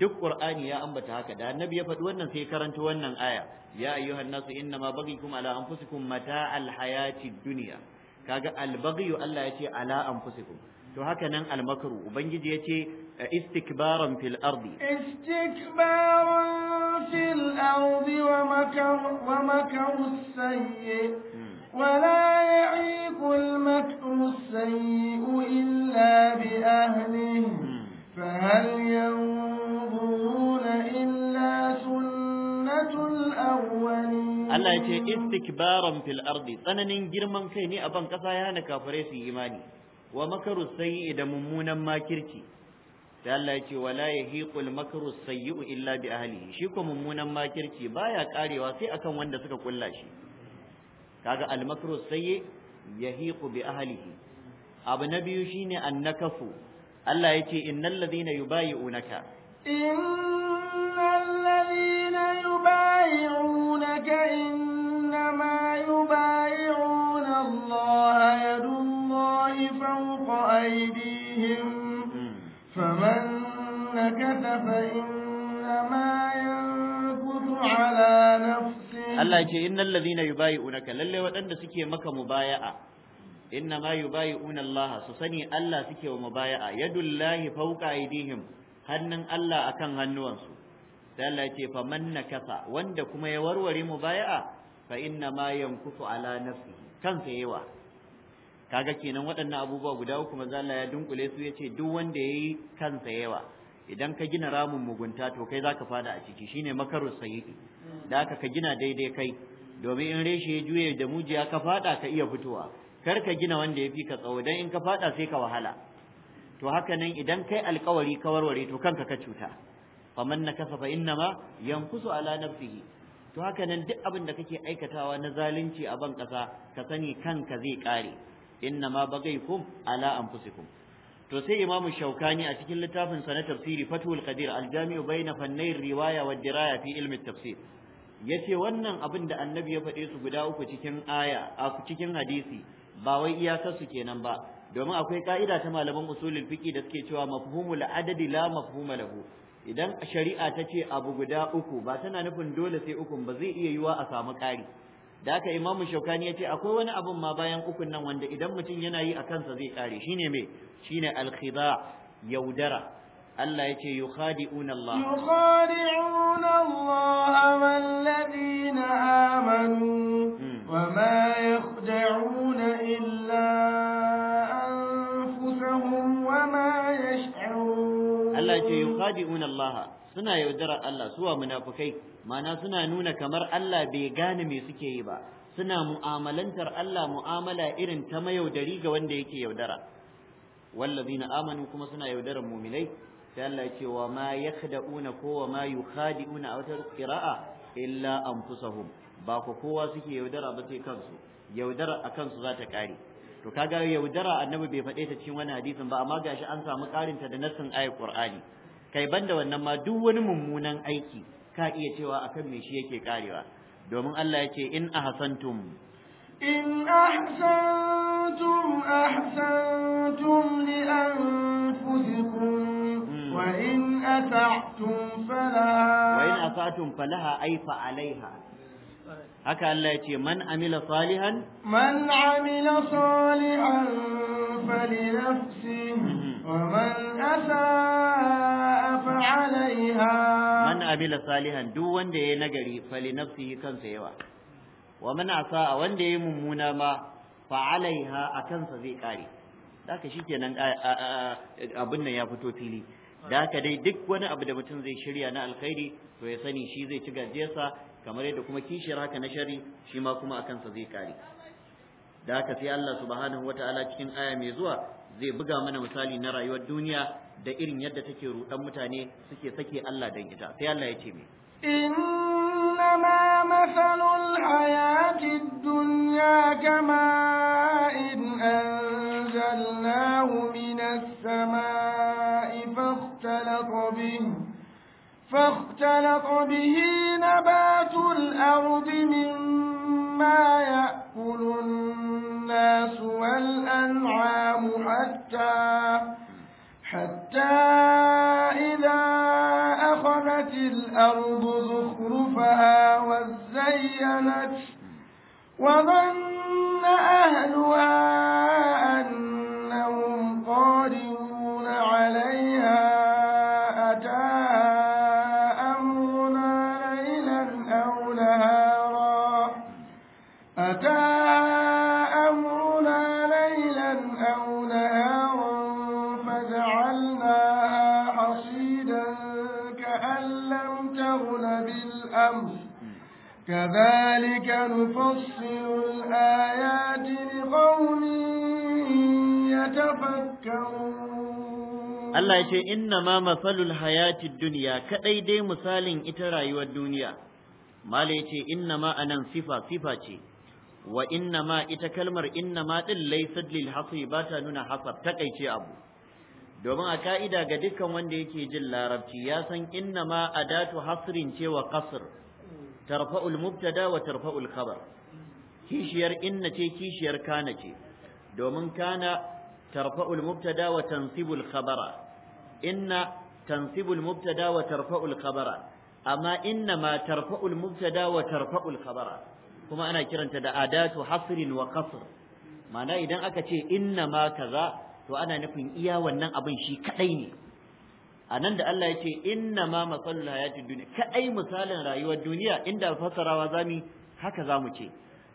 duk qur'ani ya ambata haka da annabi ya faɗi wannan sai karanta wannan aya ya ayyuhan nasu innama baghyukum ala anfusikum mata'al hayati dunya kaga albaryu Allah ya ce ala anfusikum to haka nan almakru ubangiji ya ce istikbaran fil ardi istikbaran fil ardi wa makaru wa sayyi ولا يعيق المكر السيء إلا بأهله فهل ينظرون إلا سنة الأولين Allah ya ce istikbaran fil ardi tsananin girman kai ne a ban kasa ya hana kafare su imani wa makaru sayyi da mummunan makirci sai Allah ya ce wala yahiqul makru sayyi illa bi ahlihi shi ko mummunan makirci baya karewa sai akan wanda suka kulla shi kaga al-makru sayyi yahiqu bi ahlihi abu na biyu shine annakafu Allah yace innal ladina yubayyi'unaka innal ladina yubayi'unaka innama yubayyi'una Allah yadullahi fawqa aydihim faman nakatha fa innama yankutu ala nafsihi Allah ce innal ladhina yubayyi'unaka lalle waɗanda suke maka mubaya'a inna ma yubayyi'una Allah su sani Allah suke wa mubaya'a yadullahi fawqa aydihim hannun Allah akan hannuwansu sai Allah ce faman nakasa wanda kuma ya warware mubaya'a fa inna ma yankusu ala nafsi kansa yawa kaga kenan waɗannan abubuwa guda uku maza Allah ya dunkule su yace duk wanda yayi kansa yawa idan ka gina ramin mugunta to kai zaka fada a ciki shine makarus sayyidi da haka ka gina daidai kai domin in reshe ya juye da mujiya ka fada ka iya fitowa kar ka gina wanda ya fi ka tsawo dan in ka fada sai ka wahala to haka nan idan kai alkawari ka warware to kanka ka cuta faman nakasa fa innama yankusu ala nafsihi to haka nan duk abin da kake aikatawa na zalunci a ban kasa ka sani kanka zai kare innama bagaikum ala anfusikum to sai imamu shaukani a cikin littafin sa na tafsiri fathul qadir aljami'u bayna fannay riwaya wa diraya fi ilmi tafsir yace wannan abin da annabi ya faɗe su guda uku cikin aya a cikin hadisi ba wai iyakar su kenan ba domin akwai ka'ida ta malaman usulul fiqi da suke cewa mafhumul adadi la mafhuma lahu idan shari'a ta ce abu guda uku ba tana nufin dole sai uku ba zai iya yiwa a samu ƙari da haka imamu shaukani ya ce akwai wani abun ma bayan ukun nan wanda idan mutum yana yi a kansa zai kare shine me shine alkhida yaudara Allah ya ce yukhadi'una Allah yukhadi'una Allah wal ladina amanu hmm. wama yakhda'una illa an anfusahum wama yash'urun Allah ya ce yukhadi'una Allah suna yaudarar Allah suwa munafukai mana suna nuna kamar Allah bai gane me suke yi ba suna mu'amalantar Allah mu'amala irin ta mayaudari ga wanda yake yaudara wallazina amanu kuma suna yaudarar mu'minai sai Allah ce wa ma yakhda'una ko wa ma yukhadi'una a wata illa anfusahum ba ku kowa suke yaudara ba sai kansu yaudara a kansu za ta kare to kaga yaudara annabi bai faɗe ta cikin wani hadisin ba amma gashi an samu karinta da nassin ayat qur'ani kai banda wannan ma duk wani mummunan aiki ka iya cewa akan me shi yake karewa domin Allah ya ce in ahsantum in ahsantum ahsantum li anfusikum hmm. wa in ata'tum falaha wa in ata'tum falaha ay fa alaiha haka Allah ya ce man amila salihan man amila salihan fali nafsi mhm. wa man asa fa alaiha man amila salihan duk wanda yayi nagari fali nafsi kansa yawa wa man asa wanda yayi mummuna ma fa alaiha akansa zai kare haka shikenan abin nan ya fito fili da haka dai duk wani abu da mutum zai shirya na alkhairi to ya sani shi zai ci gajiyarsa kamar yadda kuma kishiyar haka na shari shi ma kuma a kansa zai kare da haka sai Allah subhanahu wataala cikin aya mai zuwa zai buga mana misali na rayuwar duniya da irin yadda take rudan mutane suke sake Allah dan ita sai Allah ya ce me إنما مثل الحياة الدنيا كماء أنزلناه من السماء فاختلط به فاختلط به نبات الأرض مما يأكل الناس والأنعام حتى حتى إذا أخذت الأرض زخرفها وزينت وظن أهلها أنهم قادرون عليها كذلك نفصل الآيات لقوم يتفكرون Allah ya ce, Inna ma mafalul hayati duniya, kaɗai dai misalin ita rayuwar duniya, Mala ya ce, Inna ma a nan sifa, sifa ce, wa inna ma ita kalmar inna ma ɗin laisar lil hasi ba ta nuna hasar takaice abu. Domin a ka'ida ga dukkan wanda yake jin larabci, ya san inna ma a datu hasrin cewa ƙasar. tarfa'ul mubtada wa tarfa'ul khabar kishiyar inna ce kishiyar kana ce domin kana tarfa'ul mubtada wa tansibul khabara inna tansibul mubtada wa tarfa'ul khabara amma inna ma tarfa'ul mubtada wa tarfa'ul khabara kuma ana kiranta da adatu hasrin wa qasr ma'ana idan aka ce inna ma kaza to ana nufin iya wannan abin shi kadai ne anan da Allah ya yake inna ma masallu hayatid dunya ai misalin rayuwar duniya inda fasarawa zami haka zamu ce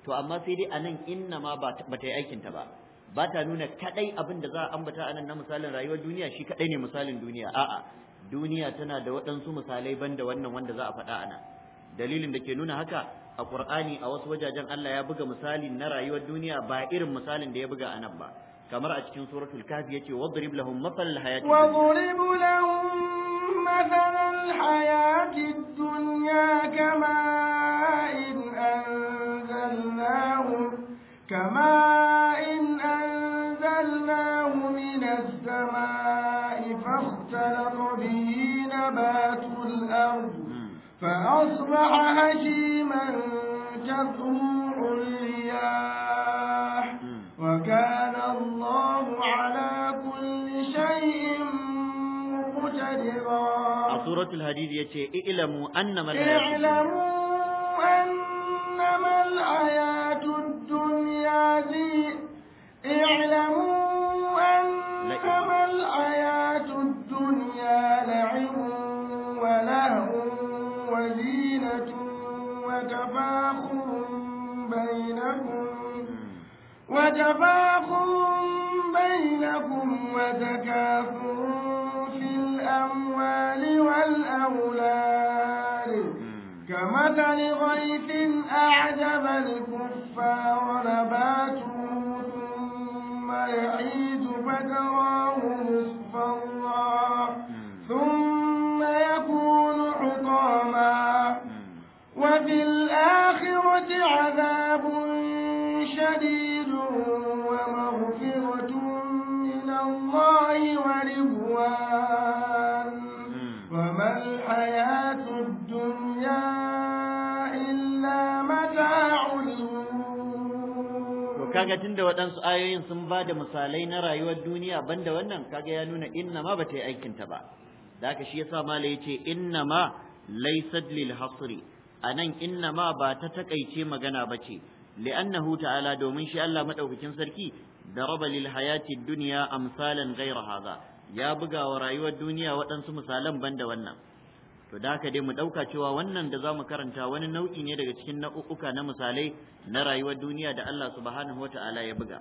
to amma sai dai anan inna ma ba ta yi aikin ta ba ba ta nuna kadai abin da za a ambata anan na misalin rayuwar duniya shi kadai ne misalin duniya a'a duniya tana da waɗansu misalai banda wannan wanda za a faɗa anan dalilin da ke nuna haka a Qur'ani a wasu wajajen Allah ya buga misali na rayuwar duniya ba irin misalin da ya buga anan ba kamar a cikin suratul kahfi yace wadrib lahum mathal hayati wadrib lahum mathal hayati dunya kama in anzalnahu kama in anzalnahu min as-samaa'i fakhtalata bihi nabatul ard فأصبح هشيما تذروع الرياح وكان a suratul hadid yace ilamu annama ilamu annama al-hayatud dunya zi ilamu annama al-hayatud dunya la'ibun wa lahun wa zinatun wa tafakhurun bainakum hmm. wa tafakhurun بينكم وتكافر الأموال والأولاد كمثل غيث أعجب الكفار نباته ثم يعيد فتراه مصفرا ثم يكون حطاما وفي الآخرة عذاب شديد ومغفرة الله ورضوان وما الحياة الدنيا إلا متاع kaga tunda waɗansu ayoyin sun ba da misalai na rayuwar duniya banda wannan kaga ya nuna inna ma bata yi aikin ta ba da haka shi yasa mala yace inna ma laysat lil hasri anan inna ma ba ta takaice magana bace li'annahu ta'ala domin shi Allah madaukakin sarki daraba lil hayati dunya amsalan ghayra hadha ya buga wa rayuwar duniya waɗansu misalan banda wannan to da haka dai mu ɗauka cewa wannan da zamu karanta wani nau'i ne daga cikin nau'uka na misalai na rayuwar duniya da Allah subhanahu wataala ya buga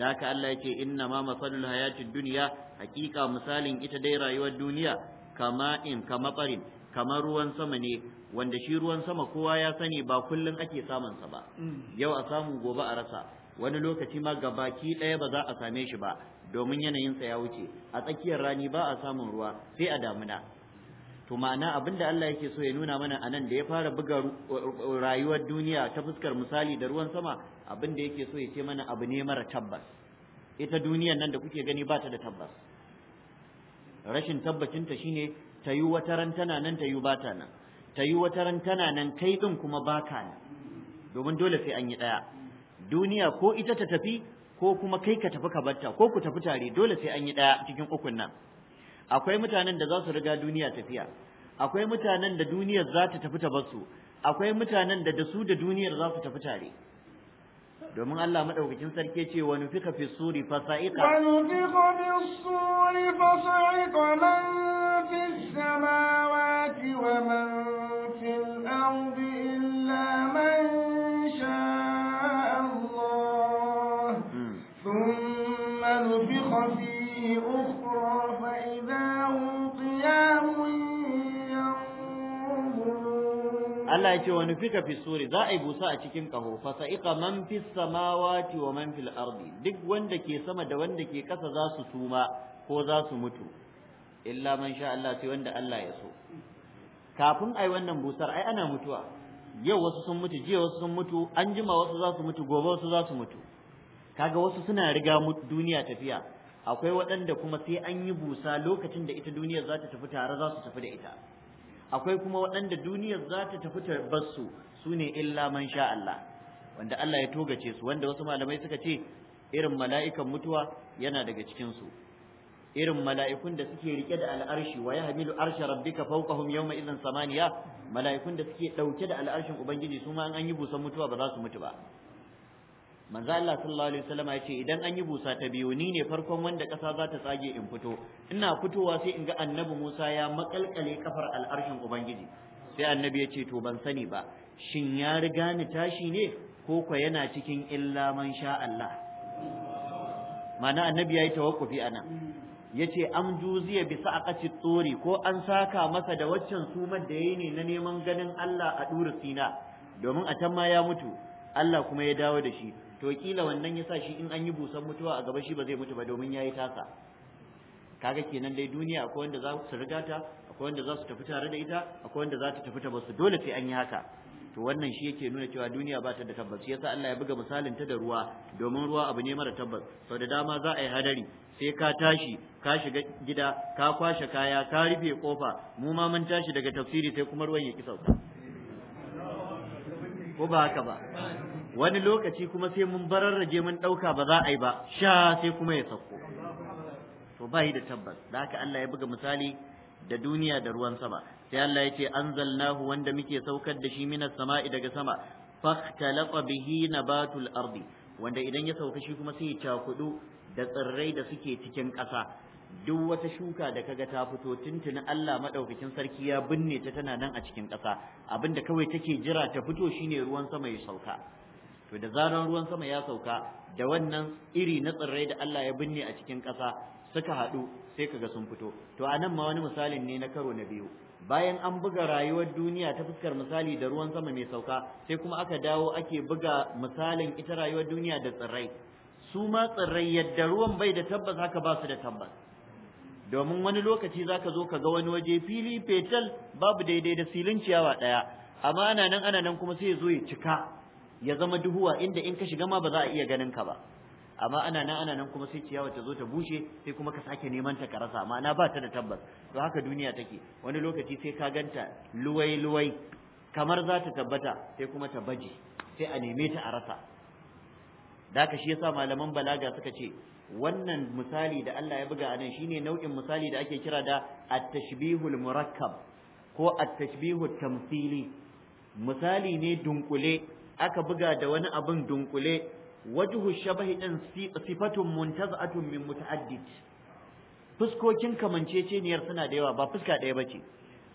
da haka Allah ya ce inna ma masalul hayatid dunya hakika misalin ita dai rayuwar duniya kama in kama barin kamar ruwan sama ne wanda shi ruwan sama kowa ya sani ba kullun ake samun sa ba mm. yau a samu gobe a rasa wani lokaci ma gabaki ɗaya ba za a same shi ba domin yanayinsa ya wuce a tsakiyar rani ba a samun ruwa sai a damuna to ma'ana abin da Allah yake so ya nuna mana a nan da ya fara buga rayuwar duniya ta fuskar misali da ruwan sama abin da yake so ya ce mana abu ne mara tabbas ita duniyar nan da kuke gani ba ta da tabbas rashin tabbacinta shine ta yi wata ran tana nan ta yi ba nan ta yi wata ran tana nan kai din kuma ba ka nan domin dole sai an yi ɗaya duniya ko ita ta tafi ko kuma kai ka tafi ka batta ko ku tafi tare dole sai an yi ɗaya cikin ukun nan akwai mutanen da za su riga duniya tafiya akwai mutanen da duniyar za ta tafi ta basu akwai mutanen da da su da duniyar za su tafi tare domin Allah madaukakin sarki ce wa nufika fi suri fa sa'iqa wa fi suri fa sa'iqa man fi samawati wa man fil ardi Allah ya ce wani nufika fi suri za a yi busa a cikin kaho fa sa'iqa man fi samawati wa man fil ardi duk wanda ke sama da wanda ke kasa za su suma ko za su mutu illa man sha Allah sai wanda Allah ya so kafin ai wannan busar ai ana mutuwa yau wasu sun mutu jiya wasu sun mutu an jima wasu za su mutu gobe wasu za su mutu kaga wasu suna riga duniya tafiya akwai waɗanda kuma sai an yi busa lokacin da ita duniyar za ta tafi tare za su tafi da ita akwai kuma waɗanda duniyar za ta tafi ta su, su ne illa man sha Allah wanda Allah ya togace su wanda wasu malamai suka ce irin mala'ikan mutuwa yana daga cikin su irin mala'ikun da suke rike da al'arshi wa ya hamilu arsha rabbika fawqahum yawma idhin samaniya mala'ikun da suke dauke da al'arshin ubangiji su ma an yi busan mutuwa ba za su mutu ba manzo Allah sallallahu alaihi wasallam ya ce idan an yi busa ta biyu ni ne farkon wanda kasa za ta tsage in fito ina fitowa sai in ga annabi Musa ya makalkale kafar al'arshin ubangiji sai annabi ya ce to ban sani ba shin ya riga ni tashi ne ko ko yana cikin illa man sha Allah mana annabi yayi tawakkufi ana yace am juziya bi sa'aqati tsori ko an saka masa da waccan sumar da yayi ne na neman ganin Allah a duru sina domin a tamma ya mutu Allah kuma ya dawo da shi to kila wannan yasa shi in an yi busan mutuwa a gaba shi ba zai mutu ba domin yayi tasa kaga kenan dai duniya akwai wanda za su riga ta akwai wanda za su tafi tare da ita akwai wanda za ta tafi ta basu dole sai an yi haka to wannan shi yake nuna cewa duniya ba ta da tabbas yasa Allah ya buga misalin ta da ruwa domin ruwa abu ne mara tabbas sau da dama za a yi hadari sai ka tashi ka shiga gida ka kwashe kaya ka rufe kofa mu ma mun tashi daga tafsiri sai kuma ruwan ya ki sauka ko ba haka ba wani lokaci kuma sai mun bararraje mun ɗauka ba za a yi ba sha sai kuma ya sauko to ba da tabbas da haka Allah ya buga misali da duniya da ruwan sama sai Allah ya ce anzalnahu wanda muke saukar da shi minas sama'i daga sama fakhtalaqa bihi nabatul ardi wanda idan ya sauka shi kuma sai ya cakudu da tsirrai da suke cikin ƙasa duk wata shuka da kaga ta fito tuntuni Allah madaukakin sarki ya binne ta tana nan a cikin ƙasa abinda kawai take jira ta fito shine ruwan sama ya sauka to da zarar ruwan sama ya sauka da wannan iri na tsirrai da Allah ya binne a cikin ƙasa suka haɗu sai kaga sun fito to a nan ma wani misalin ne na karo na biyu bayan an buga rayuwar duniya ta fuskar misali da ruwan sama mai sauka sai kuma aka dawo ake buga misalin ita rayuwar duniya da tsirrai su ma tsirrai yadda ruwan bai da tabbas haka ba su da tabbas domin wani lokaci zaka zo ka ga wani waje fili fetal babu daidai da silin ciyawa ɗaya amma ana nan ana nan kuma sai ya zo ya cika ya zama duhuwa inda in ka shiga ma ba za a iya ganin ka ba amma ana nan ana nan kuma sai ciyawa ta zo ta bushe sai kuma ka sake neman ta ka rasa ma'ana ba ta da tabbas to haka duniya take wani lokaci sai ka ganta luwai luwai kamar za ta tabbata sai kuma ta baje sai a neme ta a rasa da ka shi yasa malaman balaga suka ce wannan misali da Allah ya buga anan shine nau'in misali da ake kira da at-tashbihul murakkab ko at-tashbihut tamthili misali ne dunkule aka buga da wani abin dunkule wajhu shabahi din sifatun muntaz'atun min muta'addid fuskokin kamanceceniyar suna da yawa ba fuska ɗaya bace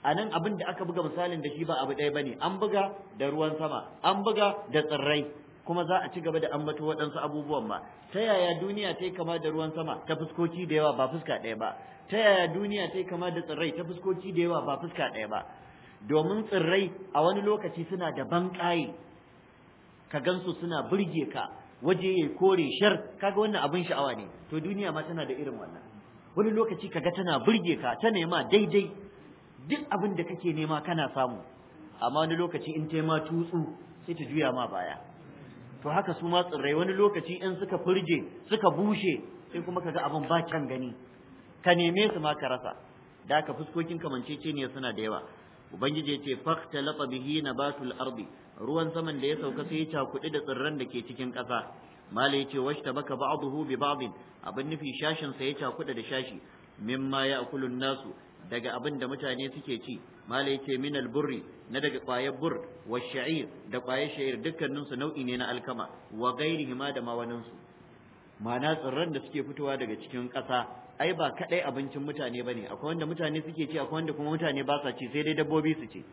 a abin da aka buga misalin da shi ba abu ɗaya bane an buga da ruwan sama an buga da tsirrai kuma za a ci gaba da ambato waɗansu abubuwan ba ta yaya duniya ta yi kama da ruwan sama ta fuskoki da yawa ba fuska ɗaya ba ta yaya duniya ta yi kama da tsirrai ta fuskoki da yawa ba fuska ɗaya ba domin tsirrai a wani lokaci suna da banƙaye ka gansu suna burge ka waje ya kore shar kaga wannan abin sha'awa ne to duniya ma tana da irin wannan wani lokaci kaga tana burge ka ta nema daidai duk abin da kake nema kana samu amma wani lokaci in ta ma tutsu sai ta juya ma baya to haka su ma tsirrai wani lokaci in suka furje suka bushe sai kuma kaga abin ba can gani ka neme su ma ka rasa da ka fuskokin ce ne suna da yawa ubangiji ya ce fakhtalafa bihi nabatul ardi ruwan saman da ya sauka sai ya cakuɗi da tsirran da ke cikin ƙasa malai yace washtabaka ba'dahu bi ba'din abin nufi shashin sa ya cakuɗa da shashi mimma ya'kulun nasu daga abin da mutane suke ci malai yace min alburri na daga ƙwayar bur wa sha'ir da ƙwayar sha'ir dukkanin su nau'i ne na alkama wa ma da mawanin su ma'ana tsirran da suke fitowa daga cikin ƙasa ai ba kadai abincin mutane bane akwai wanda mutane suke ci akwai wanda kuma mutane ba sa ci sai dai dabbobi su ci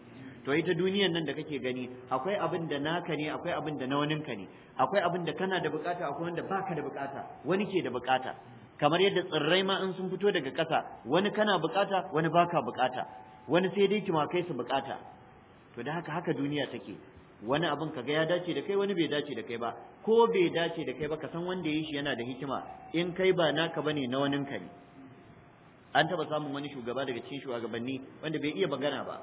to ita duniyan nan da kake gani akwai abin da naka ne akwai abin da na waninka ne akwai abin da kana da bukata akwai wanda baka da bukata wani ke da bukata kamar yadda tsirrai ma in sun fito daga ƙasa wani kana bukata wani baka bukata wani sai dai kima kai su bukata to da haka haka duniya take wani abin kaga ya dace da kai wani bai dace da kai ba ko bai dace da kai ba ka san wanda ya yi shi yana da hikima in kai ba naka bane na waninka ne an taba samun wani shugaba daga cikin shugabanni wanda bai iya magana ba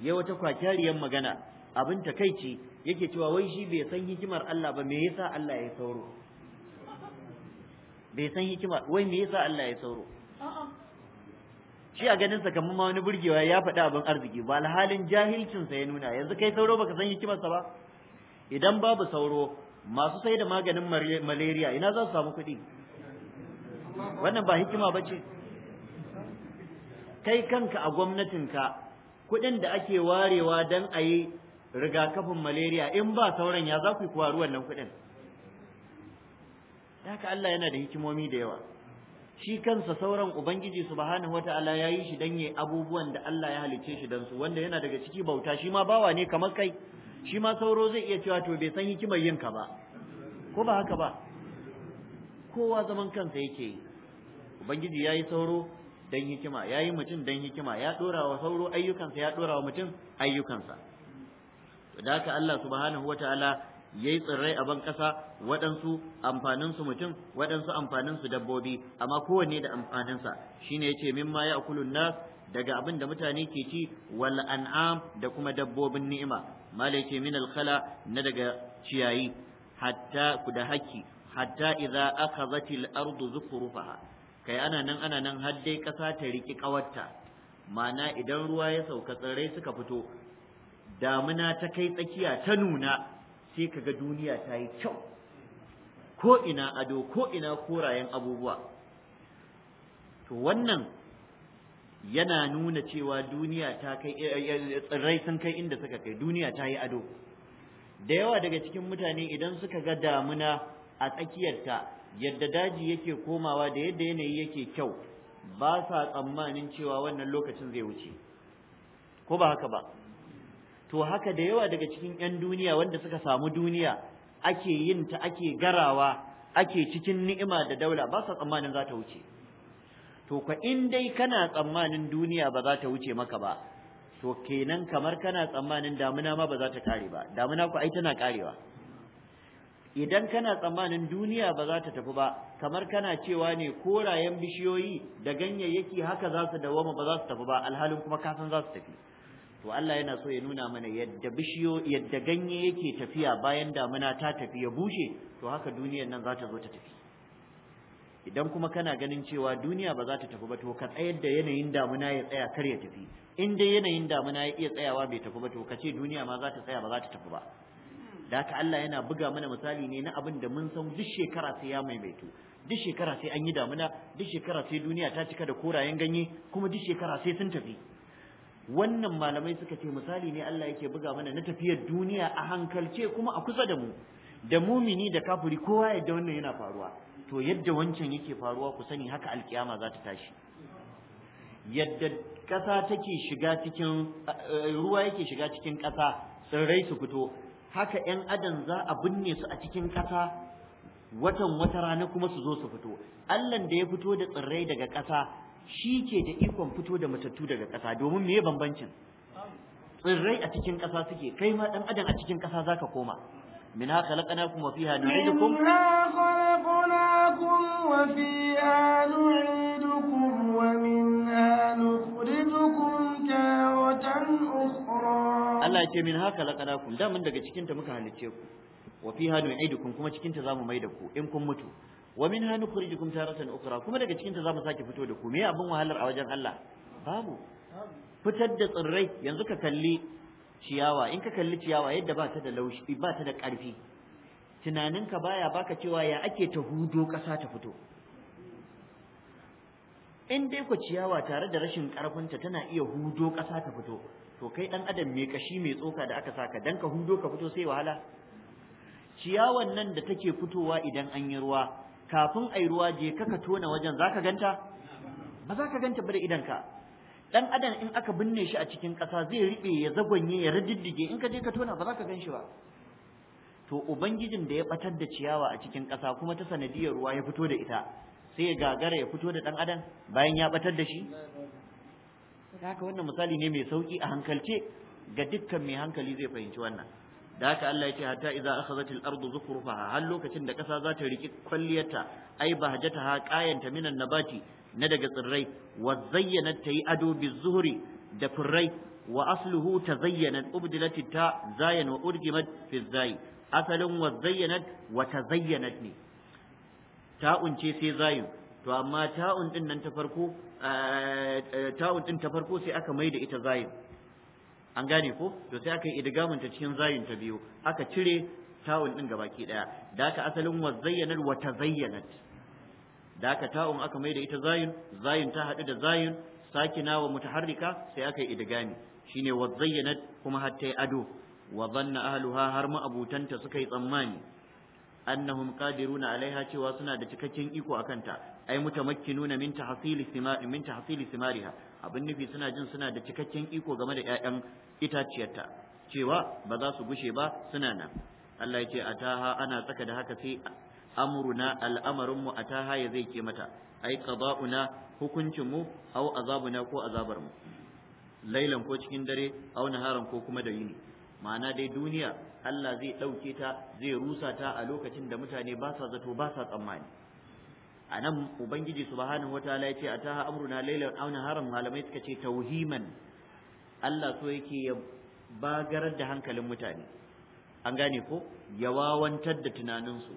ya wata kwakyariyar magana abin takaici yake cewa wai shi bai san hikimar Allah ba me yasa Allah ya sauro bai san hikima wai me yasa Allah ya sauro shi a ganin sa kamar ma wani burgewa ya faɗi abin arziki ba alhalin jahilcin sa ya nuna yanzu kai sauro baka san hikimar sa ba idan babu sauro masu sai da maganin malaria ina za samu kuɗi wannan ba hikima ba ce kai kanka a gwamnatinka kuɗin da ake warewa don a yi rigakafin malaria in ba sauran ya za ku yi ruwan wannan kuɗin haka Allah yana da hikimomi da yawa shi kansa sauran ubangiji subhanahu wata'ala ya yi shi don yi abubuwan da Allah ya halicce shi don su wanda yana daga ciki bauta shi ma bawa ne kamar kai shi ma sauro zai iya cewa to bai san hikimar yinka ba ko ba haka ba kowa zaman kansa yake yi ubangiji ya yi sauro dan hikima ya yi mutum dan hikima ya dora wa sauro ayyukansa ya dora wa mutum ayyukansa to da haka Allah subhanahu wataala yayi tsirrai a ban kasa waɗansu amfanin su mutum waɗansu amfanin su dabbobi amma kowanne da amfanin sa shine yace mimma akulun nas daga abin da mutane ke ci wal an'am da kuma dabbobin ni'ima malaike min al khala na daga ciyayi hatta da haki hatta idza akhadhatil ardu zukhrufaha kai ana nan ana nan har dai ƙasa ta riƙe ƙawarta ma'ana idan ruwa ya sauka tsirrai suka fito damuna ta kai tsakiya ta nuna sai kaga duniya ta yi kyau ko ina ado ko ina korayen abubuwa to wannan yana nuna cewa duniya ta kai eh, eh, eh, tsirrai sun kai inda suka kai duniya ta yi ado da yawa daga cikin mutane idan suka ga damuna a tsakiyarta yadda daji yake komawa da yadda yanayi yake kyau ba sa tsammanin cewa wannan lokacin zai wuce ko ba haka ba to haka da yawa daga cikin 'yan duniya wanda suka samu duniya ake yin ta ake garawa ake cikin ni'ima da daula ba sa tsammanin za ta wuce to ka in dai kana tsammanin duniya ba za ta wuce maka ba to kenan kamar kana tsammanin damuna ma ba za ta kare ba damuna ku ai tana karewa idan kana tsammanin duniya ba za ta tafi ba kamar kana cewa ne korayen bishiyoyi da ganyayyaki haka za su dawoma ba za su tafi ba alhalin kuma kasan za su tafi to Allah yana so ya nuna mana yadda bishiyo yadda ganye yake tafiya bayan damuna ta tafi ya bushe to haka duniyar nan za ta zo ta tafi idan kuma kana ganin cewa duniya ba za ta tafi ba to ka tsayar da yanayin damuna ya tsaya kar ya tafi in dai yanayin damuna ya iya tsayawa bai tafi ba to ka ce duniya ma za ta tsaya ba za ta tafi ba da haka Allah yana buga mana misali ne na abin da mun san duk shekara sai ya maimaito, duk shekara sai an yi damuna duk shekara sai duniya ta cika da korayen ganye kuma duk shekara sai sun tafi wannan malamai suka ce misali ne Allah yake buga mana na tafiyar duniya a hankalce kuma a kusa da mu da mumini da kafiri kowa yadda wannan yana faruwa to yadda wancan yake faruwa ku sani haka alkiyama za ta tashi yadda ƙasa take shiga cikin eh, ruwa yake shiga cikin ƙasa tsirrai su fito haka ‘yan adam za a binne su a cikin ƙasa watan wata rana kuma su zo su fito allan da ya fito da tsirrai daga ƙasa shi ke da ikon fito da matattu daga ƙasa domin me bambancin tsirrai a cikin ƙasa suke kai ma ɗan adam a cikin ƙasa za ka koma منها خلقناكم وفيها نعيدكم منها خلقناكم وفيها نعيدكم ومنها Allah ya ce min haka laqadakum da mun daga cikin ta muka halice ku wa fiha nu'idukum kuma cikin ta zamu maida ku in kun mutu wa minha nukhrijukum taratan ukhra kuma daga cikin ta zamu sake fito da ku me abin wahalar a wajen Allah babu fitar da tsirrai yanzu ka kalli ciyawa in ka kalli ciyawa yadda ba ta da laushi ba ta da ƙarfi tunaninka baya baka cewa ya ake ta hudo ƙasa ta fito in dai ku ciyawa tare da rashin ƙarfinta tana iya hudo kasa ta fito to kai dan adam mai kashi mai tsoka da aka saka dan ka hudo ka fito sai wahala ciyawan nan da take fitowa idan an yi ruwa kafin ai ruwa je kaka tona wajen zaka ganta ba za ka ganta ba da idanka dan adam in aka binne shi a cikin ƙasa zai riɓe ya zagwanye ya rididdige in ka je ka tona ba za ka gan shi ba to ubangijin da ya batar da ciyawa a cikin ƙasa kuma ta sanadiyar ruwa ya fito da ita sai ya gagara ya fito da dan adam bayan ya batar da shi haka wannan misali ne mai sauki a hankalce ga dukkan mai hankali zai fahimci wannan da haka Allah ya ce hatta idza akhazatil ardu zukhrufaha har lokacin da kasa za ta riki kwalliyarta ai bahjataha qayanta minan nabati na daga tsirrai wa zayyanat tayi ado bizuhri da furrai wa asluhu tazayyanat ubdilat ta zayan wa urjimat fi zayi. asalin wa zayyanat wa tazayyanat ne ta unce sai zayu to amma ta'un din nan ta farko eh, eh, ta'un din ta farko sai aka maida ita zayin an gane ko to sai aka yi idgamun ta cikin zayin ta biyu aka cire ta'un din gabaki daya da aka asalin wa zayyanar wa tazayyanat da aka ta'un aka maida ita zayin zayin ta hadu da zayin sakina wa mutaharrika sai aka yi idgami shine wa zayyanat kuma har ta yi ado wa zanna ahluha har ma abutanta suka yi tsammani annahum qadiruna alaiha cewa suna da cikakken iko akan ta ay mutamakkinuna min tahsili thimari min tahsili thimariha abin nufi suna jin suna da cikakken iko game da ƴaƴan itaciyarta cewa ba za su gushe ba suna nan Allah ya ce ataha ana tsaka da haka sai amruna al'amarin mu ataha ya zai ke mata ai qada'una hukuncin mu aw azabuna ko azabar mu lailan ko cikin dare aw naharan ko kuma da yini ma'ana dai duniya Allah zai ɗauke ta zai rusa ta a lokacin da mutane ba sa zato ba sa tsammani anan ubangiji subhanahu wataala ya ce ataha amruna lailan aw naharan malamai suka ce tauhiman Allah so yake ya bagarar da hankalin mutane an gane ko ya wawantar da tunaninsu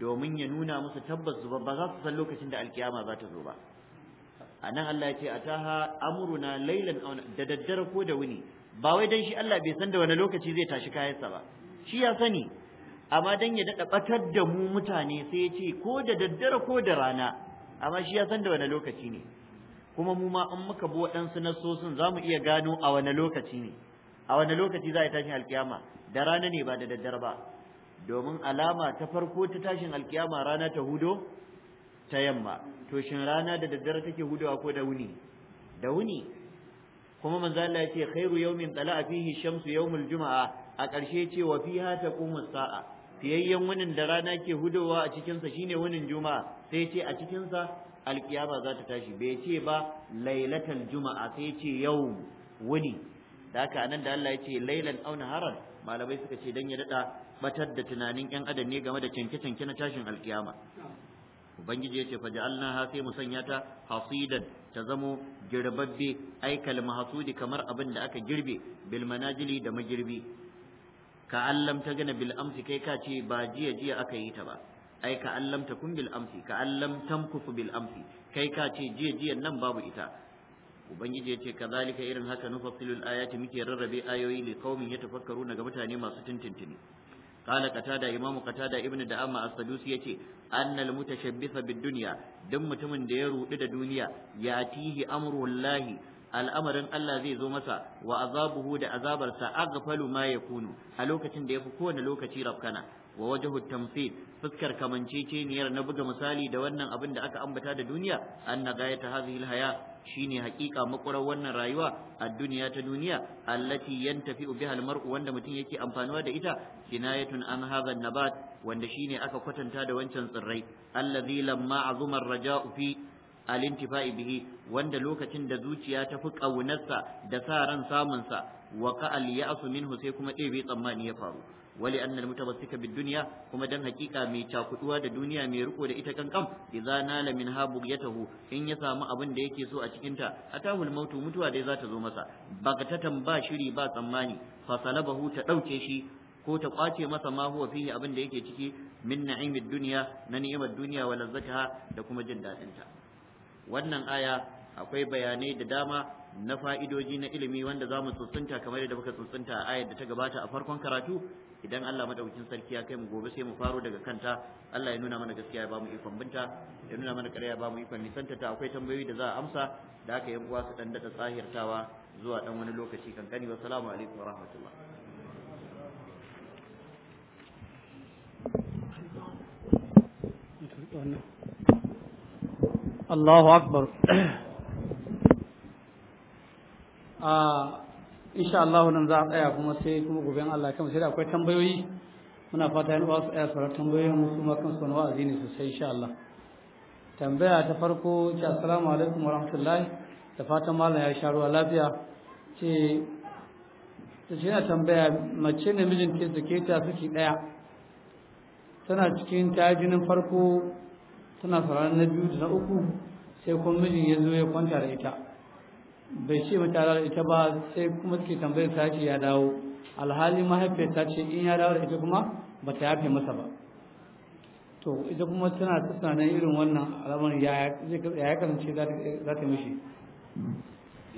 domin ya nuna musu tabbas ba za su san lokacin da alkiyama za ta zo ba a nan Allah ya ce ataha amruna lailan aw da daddare ko da wuni ba wai dan shi Allah bai san da wani lokaci zai tashi kayansa ba shi ya sani amma dan ya daɗa batar da mu mutane sai ya ce ko da daddare ko da rana amma shi ya san da wani lokaci ne kuma mu ma in muka bi waɗansu nasosin za mu iya gano a wani lokaci ne a wani lokaci za a yi tashin alkiyama da rana ne ba da daddare ba domin alama ta farko ta tashin alkiyama rana ta hudo ta yamma to shin rana da daddare take hudowa ko da wuni da wuni kuma manzo Allah yace khairu yawmin tala'a fihi shamsu yawmul juma'a a ƙarshe ce wa fiha taqumu sa'a Siyayyen wunin da rana ke hudowa a cikinsa shine wunin juma'a sai ce a cikinsa alkiyama za ta tashi bai ce ba lailatal juma'a sai ce yau wani. da haka nan da Allah ya ce lailan aw naharan malamai suka ce dan ya dada batar da tunanin yan adam ne game da canke-canke na tashin alkiyama ubangiji ya ce fa ja'alna ha sai mu sanya ta hasidan ta zamo girbabbe aikal mahasudi kamar abin da aka girbe bil manajili da magirbi ka allam ta gana bil amsi kai ka ce ba jiya jiya aka yi ta ba ai ka allam ta kun bil amsi ka allam tamkufu bil amsi kai ka ce jiya jiya nan babu ita ubangiji ya ce kazalika irin haka nufassilul ayati muke rarrabe ayoyi li qaumin yatafakkaruna daga mutane masu tintintini قال قتادة إمام قتادة ابن دعامة السدوسي يتي أن المتشبث بالدنيا دم تمن ديرو إلى دنيا يأتيه أمر الله al'amarin Allah zai zo masa wa azabuhu da azabarsa aghfalu ma kunu a lokacin da ya fi kowane lokaci rafkana wa wajhu tamthil fuskar kamanceceniyar na buga misali da wannan abin da aka ambata da duniya anna gayata hadhihi alhaya shine hakika makurar wannan rayuwa a duniya ta duniya allati yantafi ubi almar'u wanda mutum yake amfanuwa da ita kinayatun an hadha nabat wanda shine aka kwatanta da wancan tsirrai allazi lamma azuma raja'u fi alintifa'i bihi wanda lokacin da zuciya ta fi ƙaunarsa da sa ran samunsa wa ka'al ya'su minhu sai kuma ɗebe tsammani ya faru wali annal mutabassika bid dunya kuma dan hakika mai cakuduwa da duniya mai riko da ita kankan idza nala min habu yatahu in ya samu abin da yake so a cikin ta atahul mautu mutuwa dai za ta zo masa baka ta tamba shiri ba tsammani fasalabahu ta dauke shi ko ta kwace masa ma huwa fihi abin da yake ciki min na'imid dunya na ni'imar duniya wa lazzataha da kuma jin dadin ta wannan aya akwai bayanai da dama na fa'idoji na ilimi wanda zamu mu tsuntsunta kamar yadda muka tsuntsunta a ayar da ta gabata a farkon karatu idan Allah madaukakin sarki ya kai mu gobe sai mu faro daga kanta Allah ya nuna mana gaskiya ya ba mu ikon binta ya nuna mana ƙarya ya ba mu ikon nisanta ta akwai tambayoyi da za a amsa da aka yan uwa su dan daɗa tsahirtawa zuwa dan wani lokaci kankani salamu alaikum wa rahmatullah you. Allahu akbar ah, insha Allah nan za a tsaya kuma sai kuma gobe Allah kama sai da akwai tambayoyi muna fata yin uwa su sauran tambayoyin musu kuma kan su wa'azi ne sosai insha Allah tambaya ta farko ce assalamu alaikum warahmatullahi da fatan malam ya sha ruwa lafiya ce ta ce tambaya mace ne mijin ke suke ta suke daya tana cikin ta jinin farko tana sauraron na biyu da na uku sai kuma mijin ya zo ya kwanta da ita bai ce mata da ita ba sai kuma suke tambayar ta ce ya dawo alhali mahaifiyar ta ce in ya dawo da ita kuma ba ta yafe masa ba to ita kuma tana tunanin irin wannan alamar ya ya kasance za ta mishi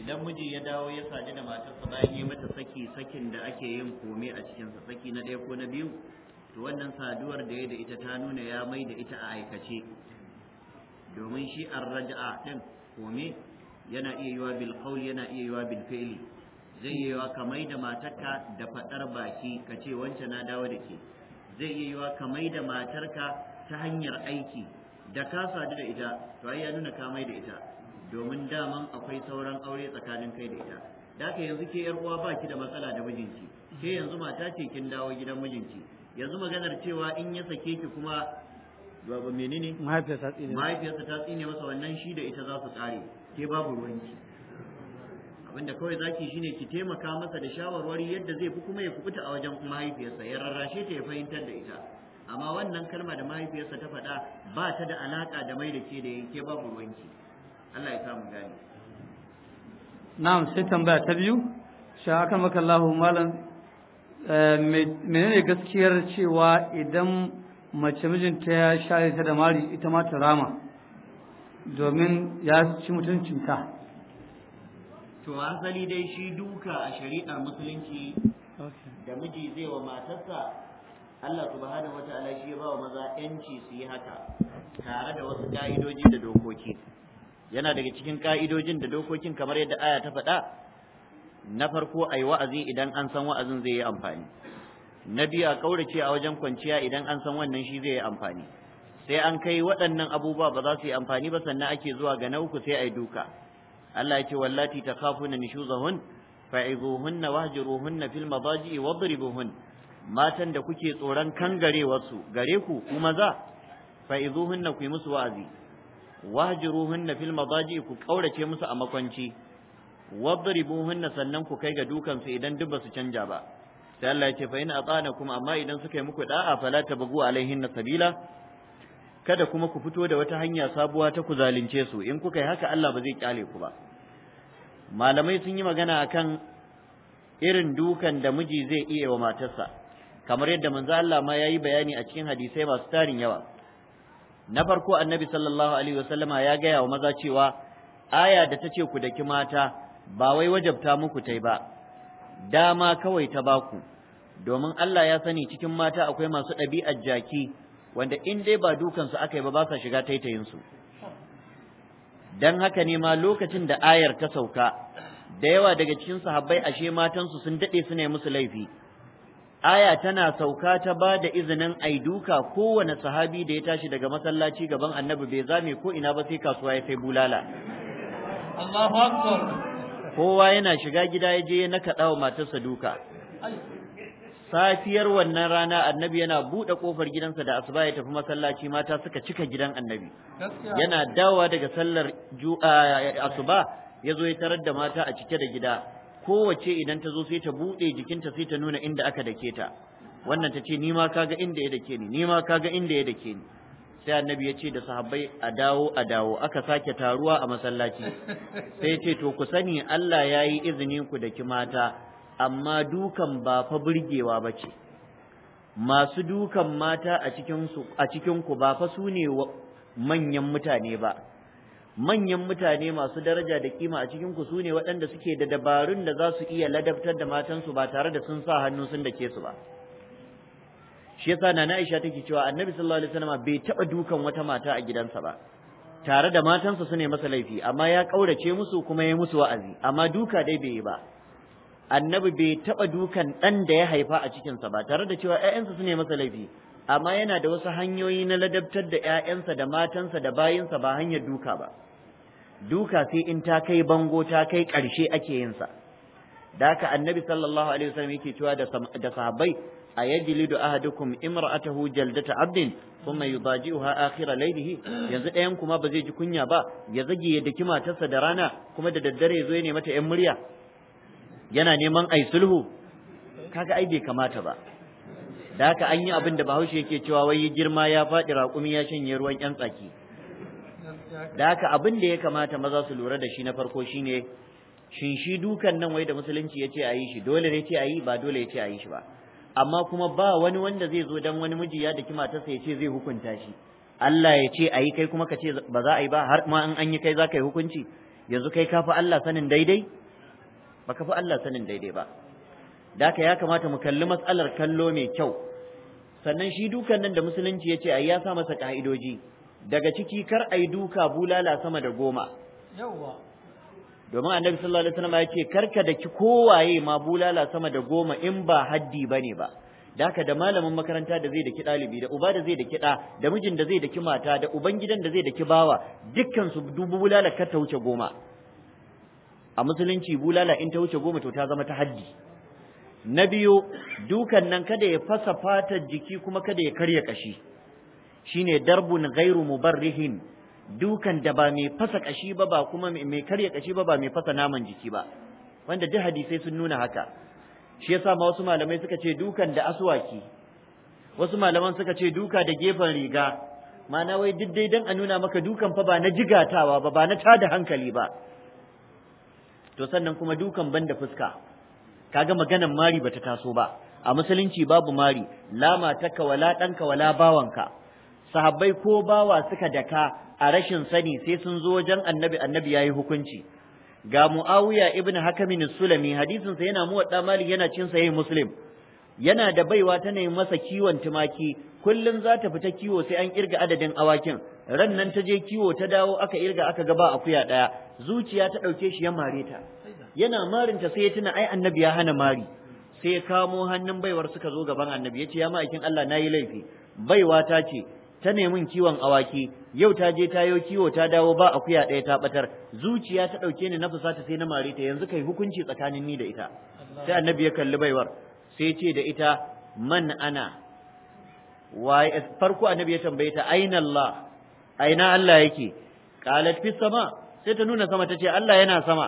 idan miji ya dawo ya sadu da matarsa bayan yi mata saki sakin da ake yin kome a cikinsa saki na ɗaya ko na biyu to wannan saduwar da ya da ita ta nuna ya mai da ita a aikace domin shi an raja ɗin, kome yana iya yiwa bil yana iya yiwa Bilfeli. zai iya yiwa kamai da matarka da faɗar baki ka ce wancan na dawo da ke zai iya yiwa kamai da matarka ta hanyar aiki da ka sadu da ita to ai ya nuna ka da ita domin daman akwai sauran aure tsakanin kai da ita da ka yanzu ke yar uwa baki da matsala da mijinki ke yanzu mata ce kin dawo gidan mijinki yanzu maganar cewa in ya sake ki kuma babu menene mahaifiyarsa ta tsine masa wannan shi da ita za su kare ke babu ruwanki abinda kawai zaki shine ki taimaka masa da shawarwari yadda zai fi kuma ya kubuta a wajen mahaifiyarsa ya rarrashe ta ya fahimtar da ita amma wannan kalma da mahaifiyarsa ta faɗa ba ta da alaƙa da mai da ke da yake babu ruwanki Allah ya samu gani na'am sai tambaya ta biyu sha aka maka Allahu malam eh, menene gaskiyar cewa idan mace mijinta ya share ta da mari ita ma ta rama domin ya ci mutuncinta to asali dai shi duka a shari'ar musulunci da miji zai wa matarsa Allah subhanahu wataala shi ya bawa maza yanci su yi haka tare da wasu ka'idoji da dokoki yana daga cikin ka'idojin da dokokin kamar yadda aya ta faɗa na farko ayi wa'azi idan an san wa'azin zai yi amfani na biya a kaurace a wajen kwanciya idan an san wannan shi zai yi amfani sai an kai waɗannan abubuwa ba za su yi amfani ba sannan ake zuwa ga na uku sai a yi duka Allah ya ce wallati takhafuna nushuzahun fa'izuhunna wahjuruhunna fil madaji'i wadribuhun matan da kuke tsoron kan gare ku ku maza fa'izuhunna ku yi musu wa'azi wahjuruhunna fil madaji'i ku kaurace musu a makwanci na sannan ku kai ga dukansu idan duk ba su canja ba sai Allah ya ce fa in kuma, amma idan suka yi muku da'a fala alaihin na sabila kada kuma ku fito da wata hanya sabuwa ta ku zalunce su in kuka yi haka Allah ba zai kyale ku ba malamai sun yi magana akan irin dukan da miji zai iya wa matarsa kamar yadda manzo Allah ma yayi bayani a cikin hadisai masu tarin yawa na farko annabi sallallahu alaihi wasallama ya gaya wa maza cewa aya da ta ce ku daki mata ba wai wajabta muku tai ba dama kawai ta baku domin Allah ya sani cikin mata akwai masu ɗabi'ar jaki wanda in dai ba dukansu aka yi ba ba sa shiga taitayinsu don haka ne ma lokacin da ayar ta sauka da yawa daga cikin sahabbai ashe matansu sun daɗe su ne musu laifi aya tana sauka ta ba da izinin ai duka kowane sahabi da ya tashi daga masallaci gaban annabi bai zame ko ina ba sai kasuwa ya sai bulala Allahu akbar kowa yana shiga gida ya je na kaɗa wa matarsa duka safiyar wannan rana annabi yana buɗe ƙofar gidansa da asuba ya tafi masallaci mata suka cika gidan annabi yana dawowa daga sallar asuba ya zo ya tarar da mata a cike da gida kowace idan ta zo sai ta buɗe jikinta sai ta nuna inda aka dake ta wannan ta ce ni ma kaga inda ya dake ni ni ma kaga inda ya dake ni sai annabi ya ce da sahabbai a dawo a dawo aka sake taruwa a masallaci sai ce to ku sani Allah ya yi izini ku da mata amma dukan ba fa burgewa ba ce masu dukan mata a cikinku ba fa su manyan mutane ba manyan mutane masu daraja da kima a cikinku su ne waɗanda suke da dabarun da za su iya ladabtar da matansu ba tare da sun sa hannu sun dake su ba shi yasa nana Aisha take cewa Annabi sallallahu alaihi wasallam bai taba dukan wata mata a gidansa ba tare da matansa su ne masa laifi amma ya kaurace musu kuma ya musu wa'azi amma duka dai bai yi ba Annabi bai taba dukan dan da ya haifa a cikinsa ba tare da cewa ƴaƴansa su ne masa laifi amma yana da wasu hanyoyi na ladabtar da ƴaƴansa da matansa da bayinsa ba hanyar duka ba duka sai in ta kai bango ta kai ƙarshe ake yinsa da haka annabi sallallahu alaihi wasallam yake cewa da sahabbai A ayajlidu ahadukum imra'atahu jaldata abdin thumma yudaji'uha akhira laylihi yanzu ɗayan kuma ba zai ji kunya ba ya zage ya daki matarsa da rana kuma da daddare ya zo ya nemi ta yan murya yana neman ai sulhu kaga ai bai kamata ba da haka an yi abin da bahaushe yake cewa wai girma ya faɗi raƙumi ya shanye ruwan yan tsaki da haka abin da ya kamata maza su lura da shi na farko shine shin shi dukan nan wai da musulunci ya ce ayi shi dole ne ce ayi, ba dole yace ce a shi ba amma kuma ba wani wanda zai zo dan wani miji ya daki matarsa ya ce zai hukunta shi Allah ya ce ayi kai kuma ka ce ba za a yi ba har ma in an yi kai za ka yi hukunci yanzu kai ka fi Allah sanin daidai ba ka fi Allah sanin daidai ba da ya kamata mu kalli matsalar kallo mai kyau sannan shi dukan nan da musulunci ya ce ai ya sa masa ka'idoji daga ciki kar a yi duka bulala sama da goma yawwa domin annabi sallallahu alaihi wasallam ya ce karka da ki kowaye ma bulala sama da goma in ba haddi bane ba da haka da malamin makaranta da zai daki ɗalibi da uba da zai daki ɗa da mijin da zai daki mata da ubangidan gidan da zai daki bawa dukkan su dubu bulala kar ta wuce goma a musulunci bulala in ta wuce goma to ta zama ta haddi na biyu dukan nan kada ya fasa fatar jiki kuma kada ya karya kashi shine darbun ghairu mubarrihin dukan da ba mai fasa kashi ba ba kuma mai karya kashi ba ba mai fasa naman jiki ba wanda duk hadisai sun nuna haka shi yasa ma wasu malamai suka ce dukan da aswaki wasu malaman suka ce duka da gefen riga ma'ana wai duk dai dan a nuna maka dukan fa ba na jigatawa ba ba na tada hankali ba to sannan kuma dukan banda fuska kaga maganan mari bata taso ba a musulunci babu mari lama taka wala danka wala bawanka sahabbai ko bawa suka daka a rashin sani sai sun zo wajen annabi annabi yayi hukunci ga Muawiya ibn Hakamin Sulami hadisin sa yana muwadda Malik yana cin sa yi Muslim yana da baiwa ta nemi masa kiwon tumaki kullum za ta fita kiwo sai an kirga adadin awakin ran nan ta je kiwo ta dawo aka kirga aka ga ba akuya daya zuciya ta ɗauke shi ya mare ta yana marinta sai ya tuna ai annabi ya hana mari sai ya kamo hannun baiwar suka zo gaban annabi ya ce ya ma'aikin Allah na yi laifi baiwa ta ce ta nemin kiwon awaki yau ta je ta yo kiwo ta dawo ba akuya ɗaya ta batar zuciya ta ɗauke ni na fusata sai na mare ta yanzu kai hukunci tsakanin ni da ita sai annabi ya kalli baiwar sai ce da ita man ana wai farko annabi ya tambaye ta aina Allah aina Allah yake qalat fi sama sai ta nuna sama tace Allah yana sama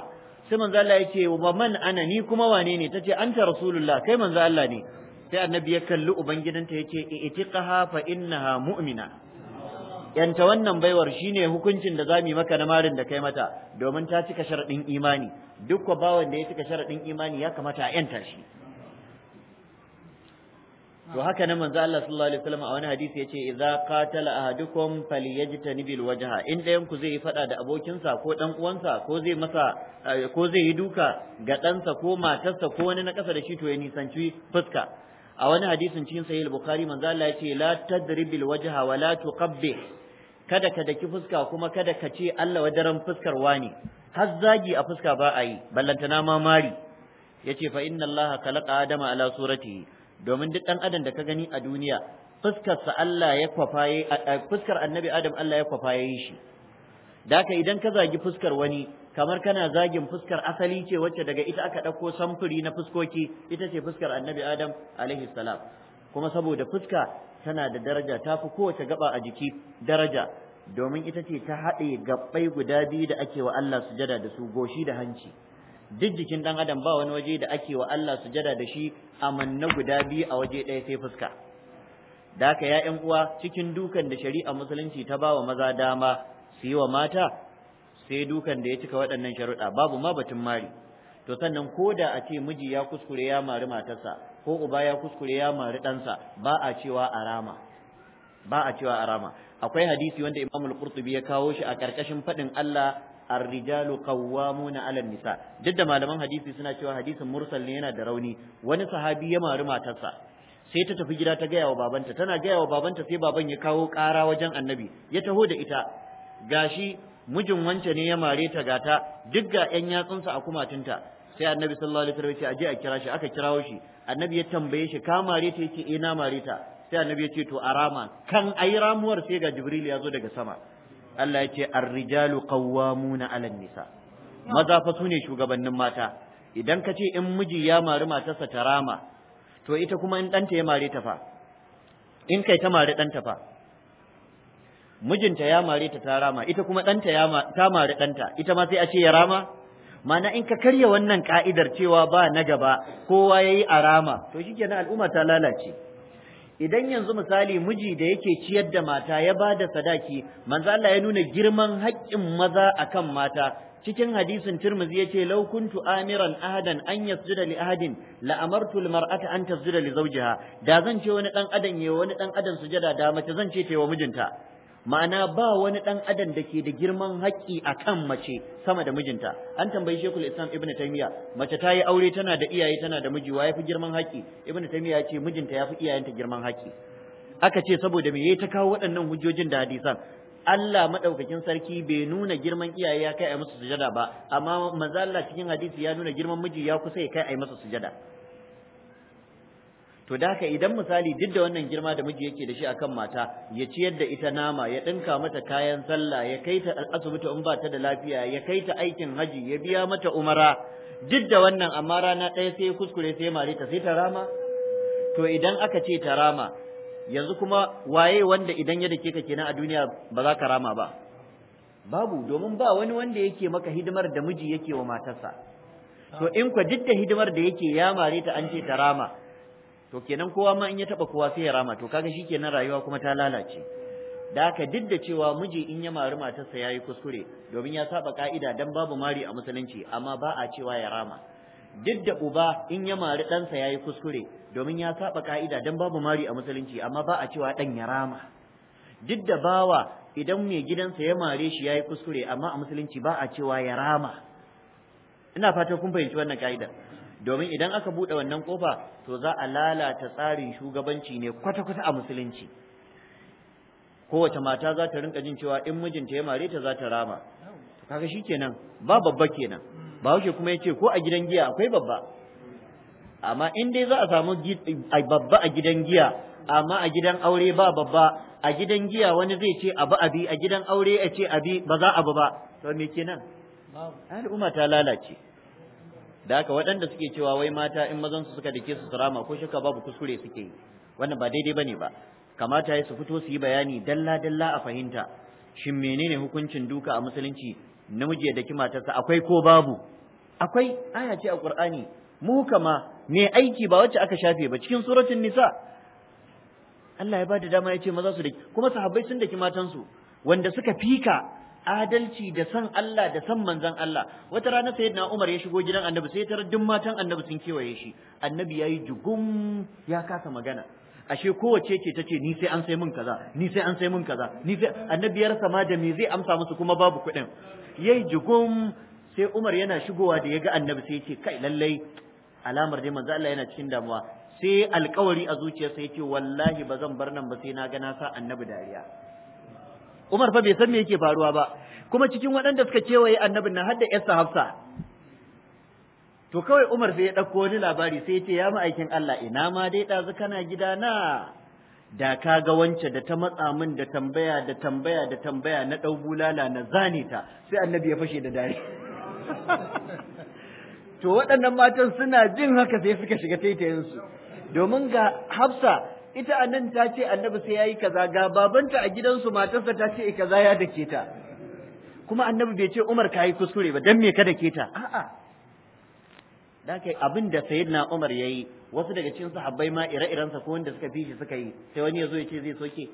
sai manzo Allah yake wa man ana ni kuma wane ne tace anta rasulullah kai manzo Allah ne sai annabi ya kalli ubangidanta yace itiqaha fa innaha mu'mina yanta wannan baiwar shine hukuncin da zamu yi maka na marin da kai mata domin ta cika sharadin imani duk ko bawan da ya cika sharadin imani ya kamata a yanta shi to haka nan manzo Allah sallallahu alaihi wasallam a wani hadisi yace idza qatala ahadukum falyajtani bil wajha in dayan ku zai fada da abokinsa ko dan uwansa ko zai masa eh, ko zai yi duka ga ɗansa ko matarsa ko wani na kasa da shi to ya nisanci fuska a wani hadisin cikin sahih bukhari manzo Allah yace la tadribil wajha wa la kada ka daki fuska kuma kada ka ce Allah wadaran fuskar wani har zagi a fuska ba a yi ballantana ma mari yace fa inna Allah khalaqa adama ala suratihi domin duk dan adam da ka gani a duniya fuskar sa Allah ya kwafaye fuskar annabi adam Allah ya kwafaye shi da haka idan ka zagi fuskar wani kamar kana zagin fuskar asali ce wacce daga ita aka ɗauko samfuri na fuskoki ita ce fuskar annabi adam alaihi salam kuma saboda fuska tana da daraja ta fi kowace gaba a jiki daraja domin ita ce ta haɗe gabbai guda biyu da ake wa Allah sujada da su goshi da hanci duk jikin ɗan adam ba wani waje da ake wa Allah sujada da shi amanna guda biyu a waje ɗaya sai fuska da haka ya uwa cikin dukan da shari'a musulunci ta ba wa maza dama su yi wa mata sai dukan da ya cika waɗannan sharuɗa babu ma batun mari to sannan ko da a ce miji ya kuskure ya mari matarsa ko uba ya kuskure ya mari ɗansa ba a cewa arama ba a cewa arama akwai hadisi wanda Imam al-Qurtubi ya kawo shi a karkashin faɗin Allah ar-rijalu qawwamuna 'ala nisa duk malaman hadisi suna cewa hadisin mursal ne yana da rauni wani sahabi ya mari matarsa sai ta tafi gida ta gaya wa babanta tana gaya wa babanta sai baban ya kawo ƙara wajen annabi ya taho da ita gashi mijin wance ne ya mare ta gata duk ga ƴan yatsunsa a kumatunta sai annabi sallallahu alaihi wasallam ya ce aje a kira shi aka kirawo shi annabi ya tambaye shi ka mare ta yake eh na mare ta sai annabi ya ce to arama kan ayi ramuwar sai ga jibril ya zo daga sama Allah ya ce ar-rijalu qawwamuna 'ala nisa maza fa sune shugabannin mata idan ka ce in miji ya mari matarsa ta rama to ita kuma in danta ya mare ta fa in kai ta mari danta fa mijinta ya mare ta ta rama ita kuma ɗanta ya ta mare ɗanta ita ma sai a ce ya rama mana in ka karya wannan ka'idar cewa ba na gaba kowa yayi a rama to shikenan al'umma ta lalace idan yanzu misali miji da yake ciyar da mata ya ba da sadaki manzo Allah ya nuna girman haƙƙin maza akan mata cikin hadisin Tirmidhi yace law kuntu amiran ahadan an yasjuda li ahadin la amartu al mar'ata an tasjuda li zawjiha da zan ce wani dan adam yayi wani dan adam sujada da mace zan ce wa mijinta ma'ana ba wani dan adam da ke da girman haƙƙi a kan mace sama da mijinta an tambayi shekul islam Ibn taymiya mace ta yi aure tana da iyaye tana da miji wa fi girman haƙƙi Ibn taymiya ya ce mijinta ya fi iyayenta girman haƙƙi aka ce saboda me yi ta kawo waɗannan hujjojin da hadisan Allah madaukakin sarki bai nuna girman iyaye ya kai a musu sujada ba amma manzo Allah cikin hadisi ya nuna girman miji ya kusa ya kai a masa sujada to da haka idan misali duk da wannan girma da miji yake da shi akan mata ya ciyar da ita nama ya dinka mata kayan sallah ya kai ta asibiti in ba ta da lafiya ya kai ta aikin haji ya biya mata umara duk da wannan amma rana ɗaya sai kuskure sai mare ta sai ta rama to idan aka ce ta rama yanzu kuma waye wanda idan ya dake ka kenan a duniya ba za ka rama ba babu domin ba wani wanda yake maka hidimar da miji yake wa matarsa to in kwa duk da hidimar da yake ya mare ta an ce ta rama to kenan kowa ma in ya taba kowa sai ya rama to kaga shikenan rayuwa kuma ta lalace da haka duk da cewa miji in ya mari matarsa yayi kuskure domin ya saba ka'ida dan babu mari a musulunci amma ba a cewa ya rama duk da uba in ya mari ɗansa yayi kuskure domin ya saba ka'ida dan babu mari a musulunci amma ba a cewa dan ya rama duk da bawa idan mai gidansa ya mare shi yayi kuskure amma a musulunci ba a cewa ya rama ina fata kun fahimci wannan ka'idar domin idan aka buɗe wannan kofa to za a lalata tsarin shugabanci ne kwata-kwata a musulunci kowace mata za ta rinka jin cewa in mijinta ya mare ta za ta rama kaga shikenan ba babba kenan ba wuce kuma yace ko a gidan giya akwai babba amma in dai za a samu babba a gidan giya amma a gidan aure ba babba a gidan giya wani zai ce abu abi a gidan aure ya ce abi ba za abu ba to me kenan al'umma ta lalace da haka waɗanda suke cewa wai mata in mazan su suka dake su sarama ko shaka babu kuskure suke yi wannan ba daidai bane ba kamata ya su fito su yi bayani dalla dalla a fahimta shin menene hukuncin duka a musulunci namiji ya daki matarsa akwai ko babu akwai aya ce a Qur'ani mu kama me aiki ba wacce aka shafe ba cikin suratul nisa Allah ya bada dama ya ce maza su daki kuma sahabbai sun daki matansu wanda suka fika adalci da san Allah da san manzon Allah wata rana sayyidina Umar ya shigo gidan Annabi sai ya tarar matan Annabi sun kewaye shi Annabi yayi jugum ya kasa magana ashe kowace ce ta ce ni sai an sai mun kaza ni sai an sai mun kaza ni sai Annabi ya rasa ma da me zai amsa musu kuma babu kuɗin yayi jugum sai Umar yana shigowa da ya ga Annabi sai ya ce kai lallai alamar dai manzo Allah yana cikin damuwa sai alkawari a zuciyarsa ya ce wallahi ba zan bar nan ba sai na ga na sa Annabi dariya Umar fa bai san me yake faruwa ba kuma cikin waɗanda suka kewaye annabin nan har da Esther Hafsa to kawai Umar sai ya ɗauko wani labari sai ya ce ya ma'aikin Allah ina ma dai ɗazu kana gida na da ka ga wance da ta matsa min da tambaya da tambaya da tambaya na dau bulala na zane ta sai annabi ya fashe da dare to waɗannan matan suna jin haka sai suka shiga taitayen su domin ga Hafsa ita anan ta ce annabi sai yayi kaza ga babanta a gidansu matarsa ta ce kaza ya dake ta kuma annabi bai ce Umar ka kai kuskure ba dan me ka dake ta a'a dan kai abin da sayyidina Umar yayi wasu daga cikin sahabbai ma ire sa ko wanda suka fi shi suka yi sai wani yazo zo ya ce zai soke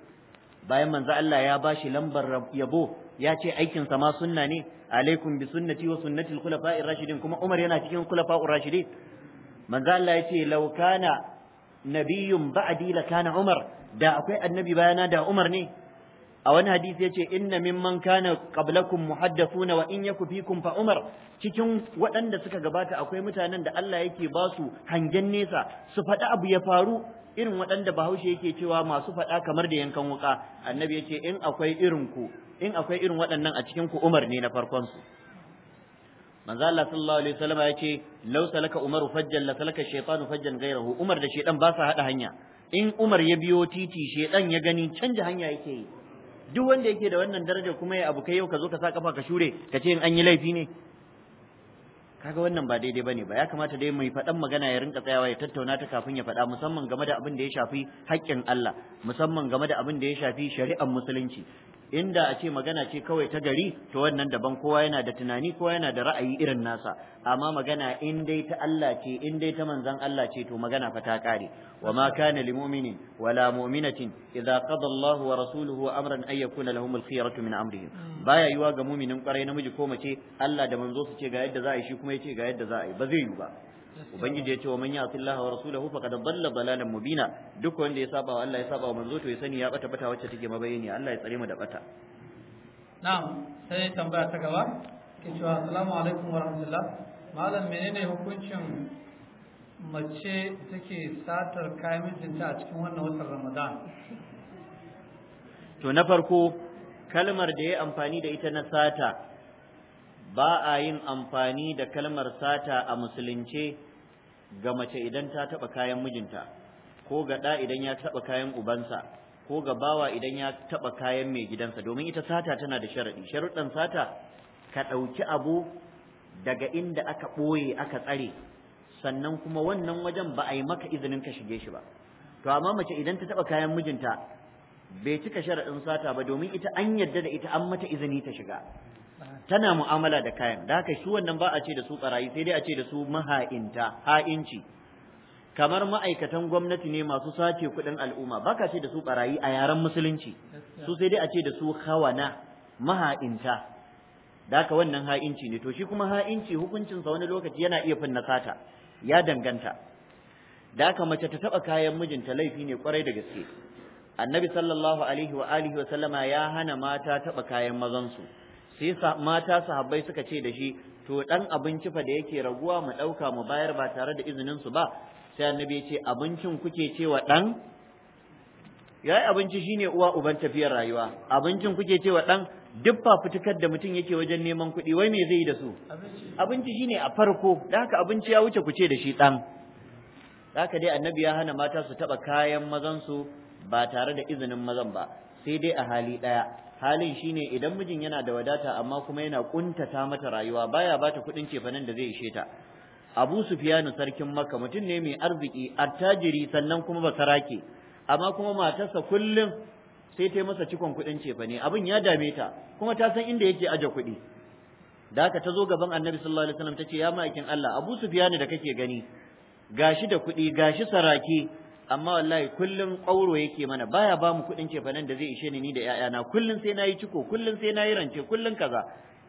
bayan manzo Allah ya bashi lambar yabo ya ce aikin sa ma sunna ne alaikum bi sunnati wa sunnati al-khulafa'ir rashidin kuma Umar yana cikin khulafa'ur rashidin manzo Allah ya ce law kana Nabiyun ba'di lakana umar da akwai annabi bayana da umar ne a wani hadisi yace inna mimman kana qablakum muhaddathuna nawa in yaku fikum kumfa umar cikin waɗanda suka gabata akwai mutanen da Allah yake ba su hangen nesa su faɗi abu ya faru irin waɗanda Bahaushe yake cewa masu faɗa kamar da yankan wuka annabi yace in akwai irin ku in akwai irin waɗannan a cikin ku umar ne na farkon su manzo Allah sallallahu alaihi wasallam ya ce law salaka umaru fajjan la salaka shaytanu fajjan ghayrahu umar da shedan ba sa hada hanya in umar ya biyo titi shedan ya gani canja hanya yake yi duk wanda yake da wannan daraja kuma ya abu kai yau ka zo ka sa kafa ka shure ka ce in an yi laifi ne kaga wannan ba daidai bane ba ya kamata dai mai faɗan magana ya rinka tsayawa ya tattauna ta kafin ya fada musamman game da abin da ya shafi haƙƙin Allah musamman game da abin da ya shafi shari'ar musulunci inda a ce magana ce kawai ta gari to wannan daban kowa yana da tunani kowa yana da ra'ayi irin nasa amma magana in dai ta Allah ce in dai ta manzon Allah ce to magana fa ta kare wa ma kana lil mu'minin wala mu'minatin idza qada Allah wa rasuluhu amran ay yakuna lahum al khiyaratu min amrihim mm. baya yiwa ga mu'minin kwarai namiji ko mace Allah da manzo su ce ga yadda za a yi shi kuma ya ce ga yadda za a yi ba zai yi ba ubangiji ya ce wa man ya'ti Allah wa rasulahu faqad dalla dalalan mubina duk wanda ya saba wa Allah ya saba wa manzo to ya sani ya bata bata wacce take mabayani Allah ya tsare mu da bata na'am sai tambaya ta gaba ke cewa assalamu alaikum wa rahmatullah malam menene hukuncin mace take satar kayan mijinta a cikin wannan watan Ramadan to na farko kalmar da ya amfani da ita na sata ba a yin amfani da kalmar sata a musulunce ga mace idan ta taɓa kayan mijinta ko ga ɗa idan ya taɓa kayan ubansa ko ga bawa idan ya taɓa kayan mai gidansa domin ita sata tana da sharaɗi sharuɗan sata ka ɗauki abu daga inda aka ɓoye aka tsare sannan kuma wannan wajen ba a yi maka izinin ka shige shi ba to amma mace idan ta taɓa kayan mijinta bai cika sharaɗin sata ba domin ita an yadda da ita an mata izini ta shiga tana mu'amala da kayan da haka shi wannan ba a ce da su barayi sai dai a ce da su maha'inta ha'inci kamar ma'aikatan gwamnati ne masu sace kuɗin al'umma ba ka ce da su barayi a yaren musulunci su sai dai a ce da su hawana maha'inta da haka wannan ha'inci ne to shi kuma ha'inci hukuncinsa wani lokaci yana iya fin sata ya danganta da haka mace ta taɓa kayan mijinta laifi ne kwarai da gaske annabi sallallahu alaihi wa alihi wa sallama ya hana mata taɓa kayan mazansu sai mata sahabbai suka ce da shi to dan abinci fa da yake raguwa mu dauka mu bayar ba tare da izinin su ba sai annabi ce abincin kuke cewa dan yayi abinci shine uwa uban tafiyar rayuwa abincin kuke cewa dan duk fitukar da mutum yake wajen neman kuɗi wai me zai yi da su abinci shine a farko da haka abinci ya wuce kuce da shi dan haka dai annabi ya hana mata su taba kayan mazan su ba tare da izinin mazan ba sai dai a hali daya halin shine idan mijin yana da wadata amma kuma yana kuntata mata rayuwa baya bata kuɗin cefanen da zai ishe ta Abu Sufiyanu sarkin Makka mutum ne mai arziki attajiri sannan kuma basarake amma kuma matarsa kullum sai ta masa cikon kuɗin cefane abin ya dame ta kuma ta san inda yake aje kuɗi da haka tazo gaban Annabi sallallahu alaihi wasallam tace ya ma'aikin Allah Abu Sufyanu da kake gani gashi da kuɗi gashi sarake amma wallahi kullum ƙauro yake mana baya ba mu kuɗin kefanan da zai ishe ni da yayana kullum sai na ciko kullum sai nayi rance kullum kaza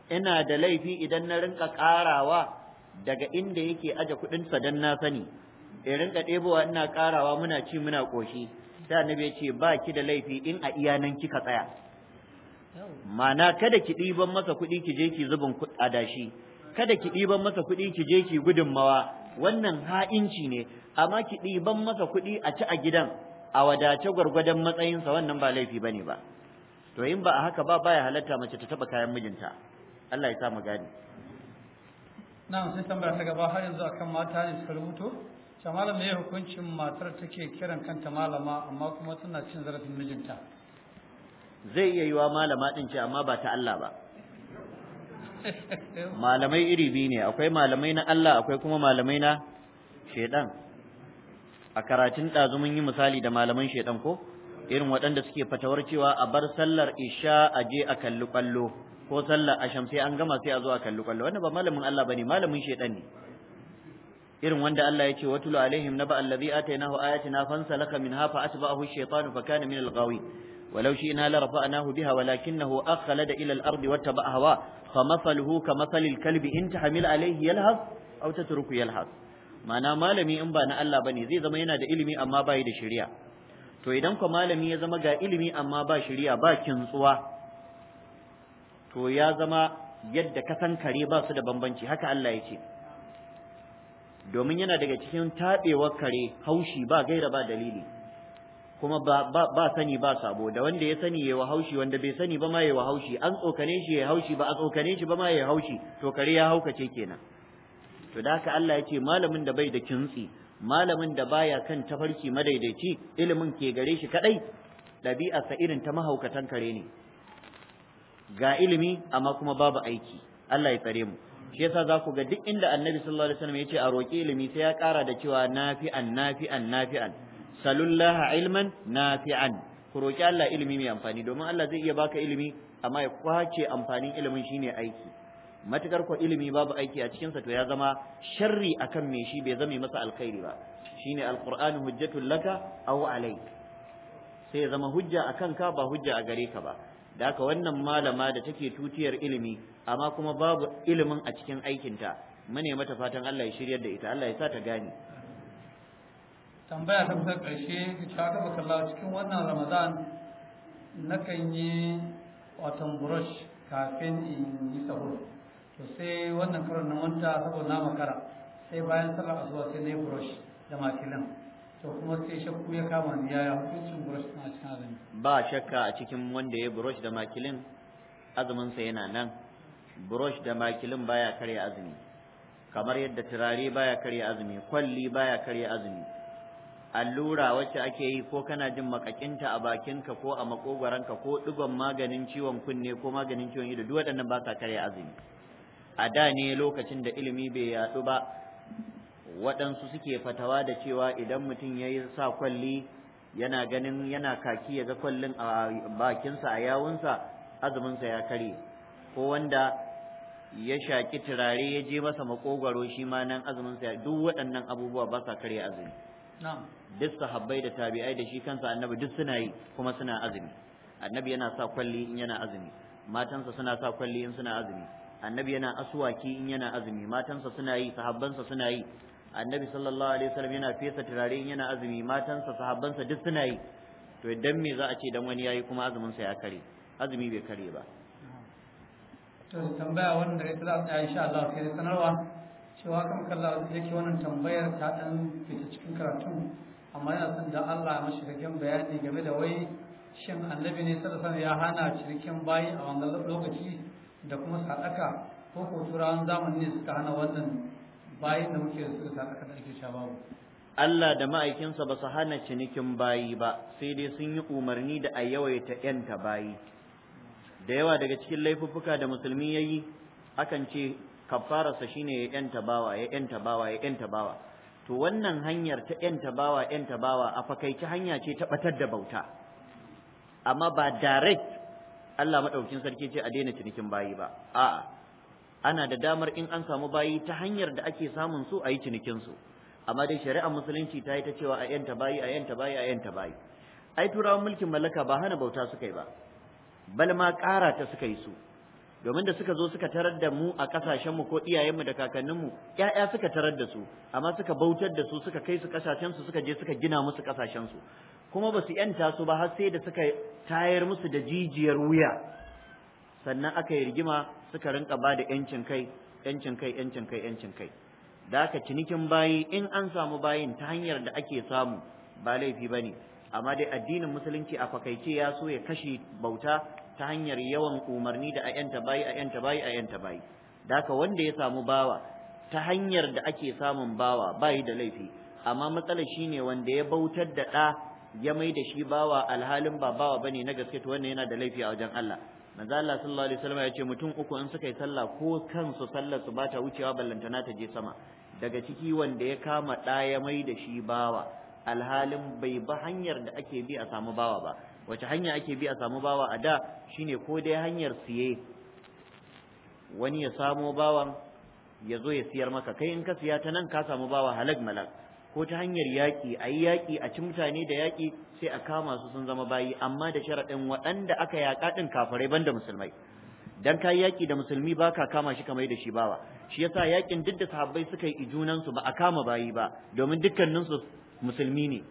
ina da laifi idan na rinka ƙarawa daga inda yake aje kuɗinsa dan na sani in rinka debowa ina karawa muna ci muna koshi Da annabi yace ba ki da laifi in a iya kika tsaya mana kada ki diban masa kuɗi ki je ki zubin adashi kada ki diban masa kuɗi ki je ki gudunmawa wannan ha'inci ne amma ki ɗiban masa kuɗi a ci a gidan a wadace gwargwadon matsayinsa wannan ba laifi bane ba to in ba a haka ba baya halatta mace ta taba kayan mijinta Allah ya sa mu gani na'am sai tambaya ta gaba har yanzu akan mata ne suka rubuto ta malam ne hukuncin matar take kiran kanta malama amma kuma tana cin zarafin mijinta zai iya yiwa malama din ce amma ba ta Allah ba malamai iri biyu ne akwai malamai na Allah akwai kuma malamai na shedan a karatun ɗazu mun yi misali da malaman shaidan ko irin waɗanda suke fatawar cewa a bar sallar isha a je a kalli kwallo ko sallar asham sai an gama sai a zo a kalli kwallo wannan ba malamin Allah bane malamin shaidan ne irin wanda Allah ya ce wa tulu alaihim naba allazi atainahu ayatina fansalaka minha fa atba'ahu ash-shaytanu fa kana min al-ghawi ولو شئنا لرفعناه بها ولكنه أخلد إلى الأرض واتبع هواه فمثله كمثل الكلب إن تحمل عليه يلهث أو تترك يلهث ma'ana malami in ba na Allah bane zai zama yana da ilimi amma ba da shari'a to idan ko malami ya zama ga ilimi amma ba shari'a ba kintsuwa to ya zama yadda ka san kare ba su da bambanci haka Allah ya ce domin yana daga cikin taɓewar kare haushi ba gaira ba dalili kuma ba, ba, sani ba sabo da wanda ya sani yayi haushi wanda bai sani ba ma yayi haushi an tsokane shi ya haushi ba a tsokane shi ba ma ya haushi to kare ya haukace kenan to da haka Allah ya ce malamin da bai da kintsi malamin da baya kan tafarki madaidaici ilimin ke gare shi kadai ɗabi'arsa irin ta mahaukatan kare ne ga ilimi amma kuma babu aiki Allah ya tsare mu shi yasa za ku ga duk inda annabi sallallahu alaihi wasallam ya ce a roƙi ilimi sai ya ƙara da cewa nafi'an nafi'an nafi'an salullaha ilman nafi'an ku roƙi Allah ilimi mai amfani domin Allah zai iya baka ilimi amma ya kwace amfanin ilimin shine aiki matukar ko ilimi babu aiki a cikinsa to ya zama sharri akan me shi bai zame masa alkhairi ba shine alqur'anu hujjatul laka aw alayk sai ya zama hujja akan ka ba hujja a gare ka ba da haka wannan malama da take tutiyar ilimi amma kuma babu ilimin a cikin aikinta mune mata fatan Allah ya shiryar da ita Allah ya sa ta gane tambaya ta kusa ƙarshe ta gaba cikin wannan ramadan nakan yi watan brush kafin in yi sahur to sai wannan karon na manta saboda na makara sai bayan sallar asuba sai na yi brush da makilin to kuma sai shakku ya kama ni yi hukuncin brush na cikin azumi ba shakka a cikin wanda ya yi brush da makilin azumin sa yana nan brush da makilin baya karya azumi kamar yadda turare baya karya azumi kwalli baya karya azumi allura wacce ake yi ko kana jin makakinta a bakinka ko a makogwaranka ko digon maganin ciwon kunne ko maganin ciwon ido duk waɗannan ba ka karya azumi a da ne lokacin da ilimi bai yaɗu ba waɗansu suke fatawa da cewa idan mutum ya yi sa kwalli yana ganin yana kaki ya ga kwallin a bakinsa a yawunsa azuminsa ya kare ko wanda ya shaki turare ya je masa makogwaro shi ma nan azuminsa ya duk waɗannan abubuwa ba sa kare azumi duk sahabbai da tabi'ai da shi kansa annabi duk suna yi kuma suna azumi annabi yana sa kwalli in yana azumi matansa suna sa kwalli in suna azumi annabi yana aswaki in yana azumi matansa suna yi sahabbansa suna yi annabi sallallahu alaihi wasallam yana fesa turare in yana azumi matansa sahabbansa duk suna yi to idan me za a ce dan wani yayi kuma azumin sa ya kare azumi bai kare ba to tambaya wannan da ita za ta insha Allah sai sanarwa cewa kan kalla yake wannan tambayar ta dan fita cikin karatu amma yana son da Allah ya mashi gagen bayani game da wai shin annabi ne sallallahu alaihi wasallam ya hana cirikin bayi a wannan lokaci da kuma sadaka ko ko turawan zamani ne suka hana wannan bayin da muke suka sadaka da ake sha babu Allah da ma'aikinsa ba su hana cinikin bayi ba sai dai sun yi umarni da a yawaita yanta bayi da yawa daga cikin laifuffuka da musulmi ya yi akan ce kafararsa shine ya yanta bawa ya yanta bawa ya yanta bawa to wannan hanyar ta yanta bawa yanta bawa a fakaici hanya ce ta batar da bauta amma ba direct Allah maɗaukin sarki ce a daina cinikin bayi ba a'a ana da damar in an samu bayi ta hanyar da ake samun su a yi cinikin su amma dai shari'ar musulunci ta yi ta cewa a yanta bayi a yanta bayi a yanta bayi ai turawan mulkin mallaka ba hana bauta suka yi ba bal ma ƙara ta suka yi su domin da suka zo suka tarar da mu a kasashenmu ko iyayenmu da kakanninmu 'ya'ya suka tarar da su amma suka bautar da su suka kai su kasashensu suka je suka gina musu su, kuma ba su yanta su ba har sai da suka tayar musu da jijiyar wuya sannan aka yi rigima suka rinka ba da yancin kai yancin kai yancin kai yancin kai da aka cinikin bayi in an samu bayin ta hanyar da ake samu ba laifi ba ne amma dai addinin musulunci a fakaice ya so ya kashe bauta ta hanyar yawan umarni da ayyanta bayi ayyanta bayi ayyanta bayi da wanda ya samu bawa ta hanyar da ake samun bawa bayi da laifi amma matsalar shine wanda ya bautar da ɗa ya mai da shi bawa alhalin ba bawa bane na gaske to wannan yana da laifi a wajen Allah manzo Allah sallallahu alaihi wasallam ya ce mutum uku in suka yi sallah ko kansu sallar su ba ta wucewa ballantana ta je sama daga ciki wanda ya kama ya mai da shi bawa alhalin bai ba hanyar da ake bi a samu bawa ba wace hanya ake bi a samu bawa a da shi ne ko dai hanyar siye wani ya samo bawan ya zo ya siyar maka kai in ka siya ta nan ka samu bawa halag malak ko ta hanyar yaƙi a yi yaƙi a ci mutane da yaƙi sai a kama su sun zama bayi amma da sharaɗin waɗanda aka yaƙa ɗin kafirai banda musulmai dan yi yaƙi da musulmi ba ka kama shi kamar da shi bawa shi yasa yaƙin duk da sahabbai suka yi junansu ba a kama bayi ba domin dukkaninsu musulmi ne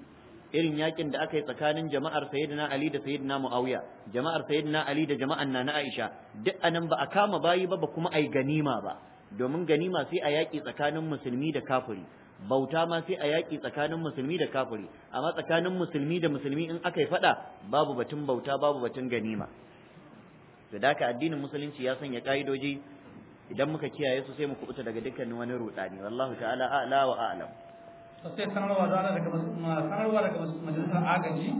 irin yakin da aka yi tsakanin jama'ar sayyidina Ali da sayyidina Muawiya jama'ar sayyidina Ali da jama'an na Aisha duk anan ba a kama bayi ba ba kuma ai ganima ba domin ganima sai a yaki tsakanin musulmi da kafiri bauta ma sai a yaki tsakanin musulmi da kafiri amma tsakanin musulmi da musulmi in aka yi faɗa babu batun bauta babu batun ganima to da haka addinin musulunci ya sanya ka'idoji idan muka kiyaye su sai mu kubuta daga dukkanin wani rudani wallahu ta'ala a'la wa a'lam to sai sanarwa da daga sanarwa daga majalisar agaji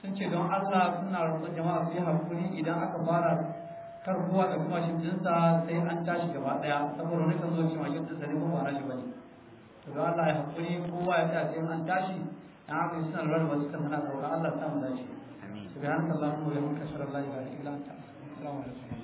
sun ce don Allah suna roƙon jama'a su yi hakuri idan aka fara karbuwa da kuma shi jinsa sai an tashi gaba daya saboda wani kan zo cewa shimfinsa ne kuma ba shi bane to don Allah ya hakuri kowa ya tsaya sai an tashi dan haka suna lura da wasu kan suna tsaro Allah ta mu dace subhanakallahumma wa bihamdika ashhadu an la ilaha illa anta astaghfiruka wa atubu ilaik